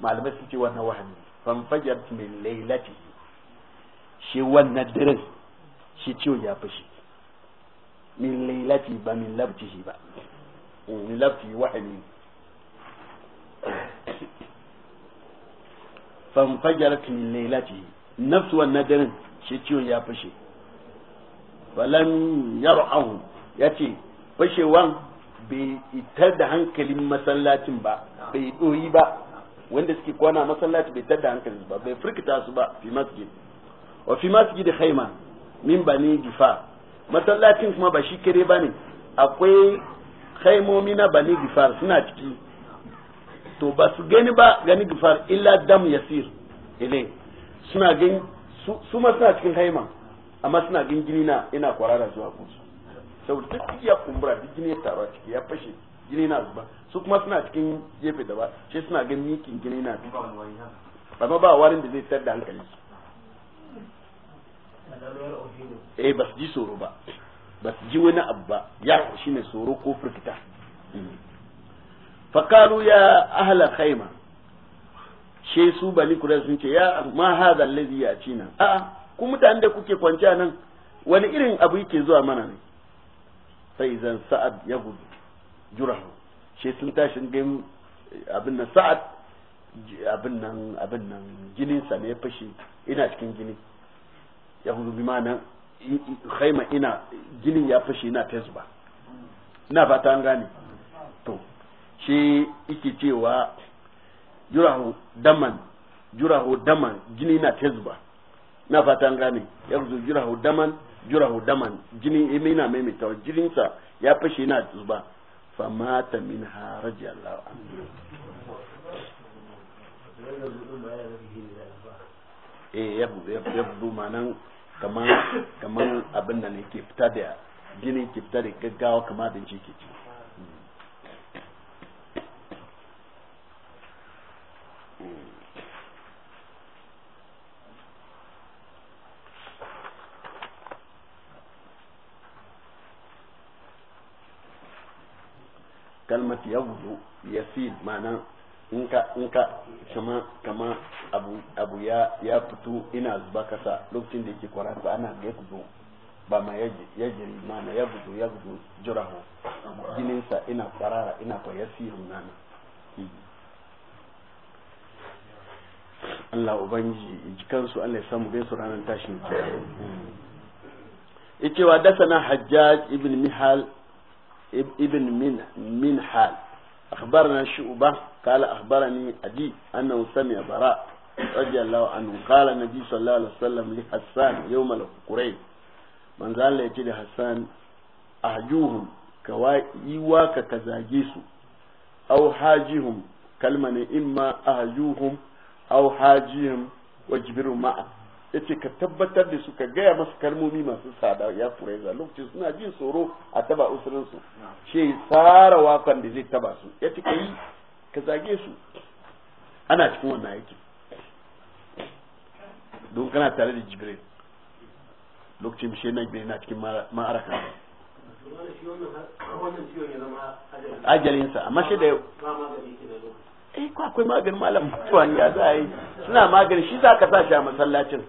malamai su ce wannan wahani fanfajar min lailati shi wannan dirin shi ciwo ya fashi min lailati ba min shi ba min labti wahami fanfajar min lailati nafsu wannan dirin shi ciwo ya fashe falan yar'ahu yace fashewan bai itar da hankalin masallacin ba bai doyi ba wanda suke kwana masallaci bai tada hankali ba bai firkita su ba fi masjid wa fi masjid khayma min bani gifa masallacin kuma ba shi kare bane akwai khaimomi na bani gifar suna ciki to ba su gani ba gani gifar illa dam yasir ile suna gani su ma suna cikin khayma amma suna gani gini na ina kwarara zuwa kusa saboda duk ya kumbura duk gini ya taru ciki ya fashe gini na zuba su kuma suna cikin jefe da ba shi suna ganin mikin gini na amma ba ba warin da zai tsar da hankali su eh ba su ji tsoro ba ba su ji wani abu ba ya ne tsoro ko firkita fakalu ya ahla khaima she su bani kura sun ce ya ma hadha allazi ya cina a ku mutanen da kuke kwanciya nan wani irin abu yake zuwa mana ne sai zan sa'ad ya gudu jurahu shi sun tashi gan abin nan sa'ad abin nan abin nan jinin sa ne ya fashe ina cikin jini ya hudu bi ma'anan khaima ina jinin ya fashe ina ta zuba ina fata an gane to shi yake cewa jurahu daman jurahu daman jini na ta zuba na fata an gane ya hudu jurahu daman jurahu daman jini ina maimaita jininsa ya fashe ina zuba famata min haraji Allah eh ya budu ya budu manan kaman kaman abin da ne ke fita da jini ke fita da gaggawa kamar da ke ci kalmat yabdu yasid ma'ana in ka in ka kama kama abu abu ya ya fito ina zuba kasa lokacin da yake kwara ba ana yabdu ba ma yajiri ma'ana yabdu yabdu jirahu sa ina kwarara ina fa yasirun nana Allah Ubangiji jikansu Allah ya samu gaisu ranar tashin kiyama. Icewa dasa na Hajjaj ibn Mihal ابن من من حال أخبرنا شعبة قال أخبرني أبي أنه سمع براء رضي الله عنه قال النبي صلى الله عليه وسلم لحسان يوم القرين من قال لي كده حسان أهجوهم كوايوا كتزاجيسو أو حاجهم كلمة إما أهجوهم أو حاجهم واجبروا معه yace ka tabbatar da su ka gaya masu kalmomi masu tsada ya za lokacin suna jin tsoro a taba usulun shi ya tsara wakon da zai taba su ya ce ka zage su ana cikin wannan aiki don kana tare da jibril lokacin shi na na cikin ma'arakan ajalinsa amma shi da yau eh, akwai maganin malam mutuwa ya za a yi suna maganin shi za ka sa shi a masallacin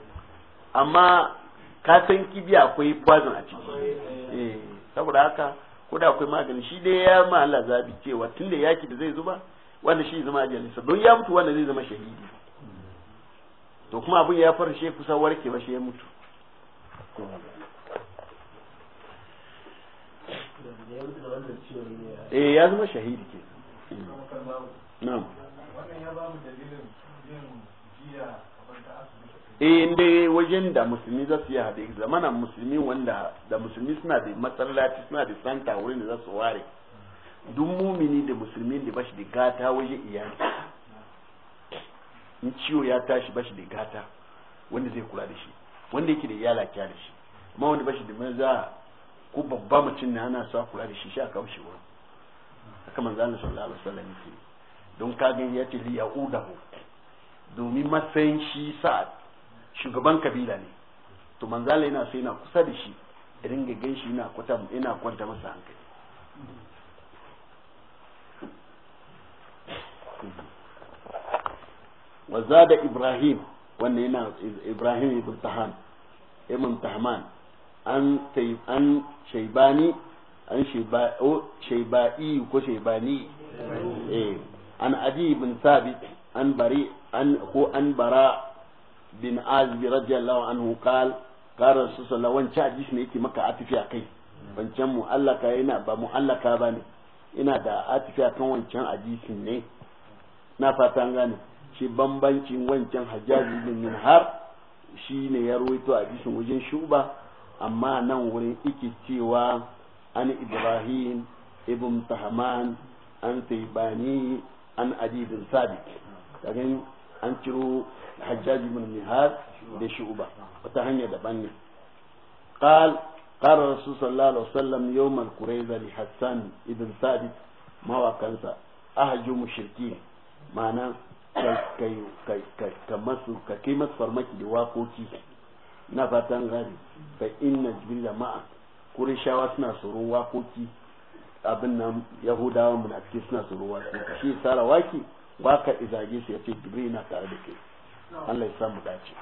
amma ka san kibiya akwai poison a ciki eh saboda haka ko da akwai magani shi dai ya ma Allah zabi cewa tunda yaki da zai zuba wanda shi zama jalisa don ya mutu wanda zai zama shahidi to kuma abin ya shi kusa warke ba shi ya mutu eh ya zama shahidi ke na'am wannan ya ba mu eh inda wajen da musulmi za su yi haɗe zamana musulmi wanda da musulmi suna da masallaci suna da santa wurin da za su ware duk mumini da musulmi da bashi da gata waje iyali in ciwo ya tashi bashi da gata wanda zai kula da shi wanda yake da iyala kya da shi amma wanda bashi da maza ko babba mutum ne ana sa kula da shi shi kawo shi wurin haka manzo Allah sallallahu alaihi wasallam yake don kage ya ce li yaudahu domin matsayin shi sa'a shugaban kabila ne to manzala yana so yana kusa da shi ringa gan shi yana kwanta yana kwanta masa hankali wazada ibrahim wannan yana ibrahim ibn tahan ibn tahman an an shaybani an shayba'i ko shaybani eh an adi ibn sabit an bari an ko an bara bin azbi radiyallahu anhu qal karar rasul sallallahu wancan hadis ne yake maka atifi akai wancan mu'allaka yana ba mu'allaka bane ina da atifi akan wancan hadisin ne na fatan gane shi bambancin wancan hajjaji bin har shi ne ya ruwaito hadisin wajen shuba amma nan wurin ike cewa an ibrahim ibn tahman an taibani an bin sabit an ciro hajjaji mun nihar da shuba wata hanya daban ne qal qar rasul sallallahu alaihi wasallam yawm al quraiza li ابن ibn sa'id ma wa kansa معناه ka masu kai kai masu farmaki da wakoki na fatan gari fa inna jibrila ma'a kurishawa suna tsoron wakoki abin nan yahudawa munafiki suna tsoron wakoki shi sara waki waka izage su ya ce jibril na tare da ke Allah ya samu dace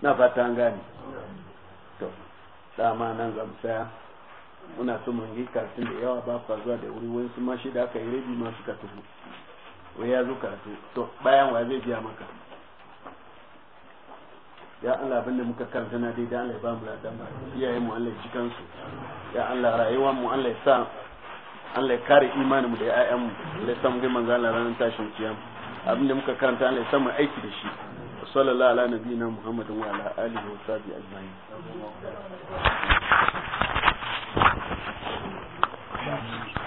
na fata an gane to dama nan zan saya muna so mun yi karatun da yawa ba fa zuwa da wuri wani su ma shi da aka yi rabi ma suka tafi wai ya zo karatu to bayan wa zai biya maka ya Allah abin da muka karanta na dai da Allah ya ba mu ladan iyayen mu Allah ya ji kansu ya Allah rayuwar mu Allah ya sa Allah ya kare imanin mu da ƴaƴan mu Allah ya samu ga manzo Allah ranar tashin kiyama abin da muka karanta Allah ya samu aiki da shi sallallahu ala nabiyina muhammadin wa ala alihi wa sahbi ajma'in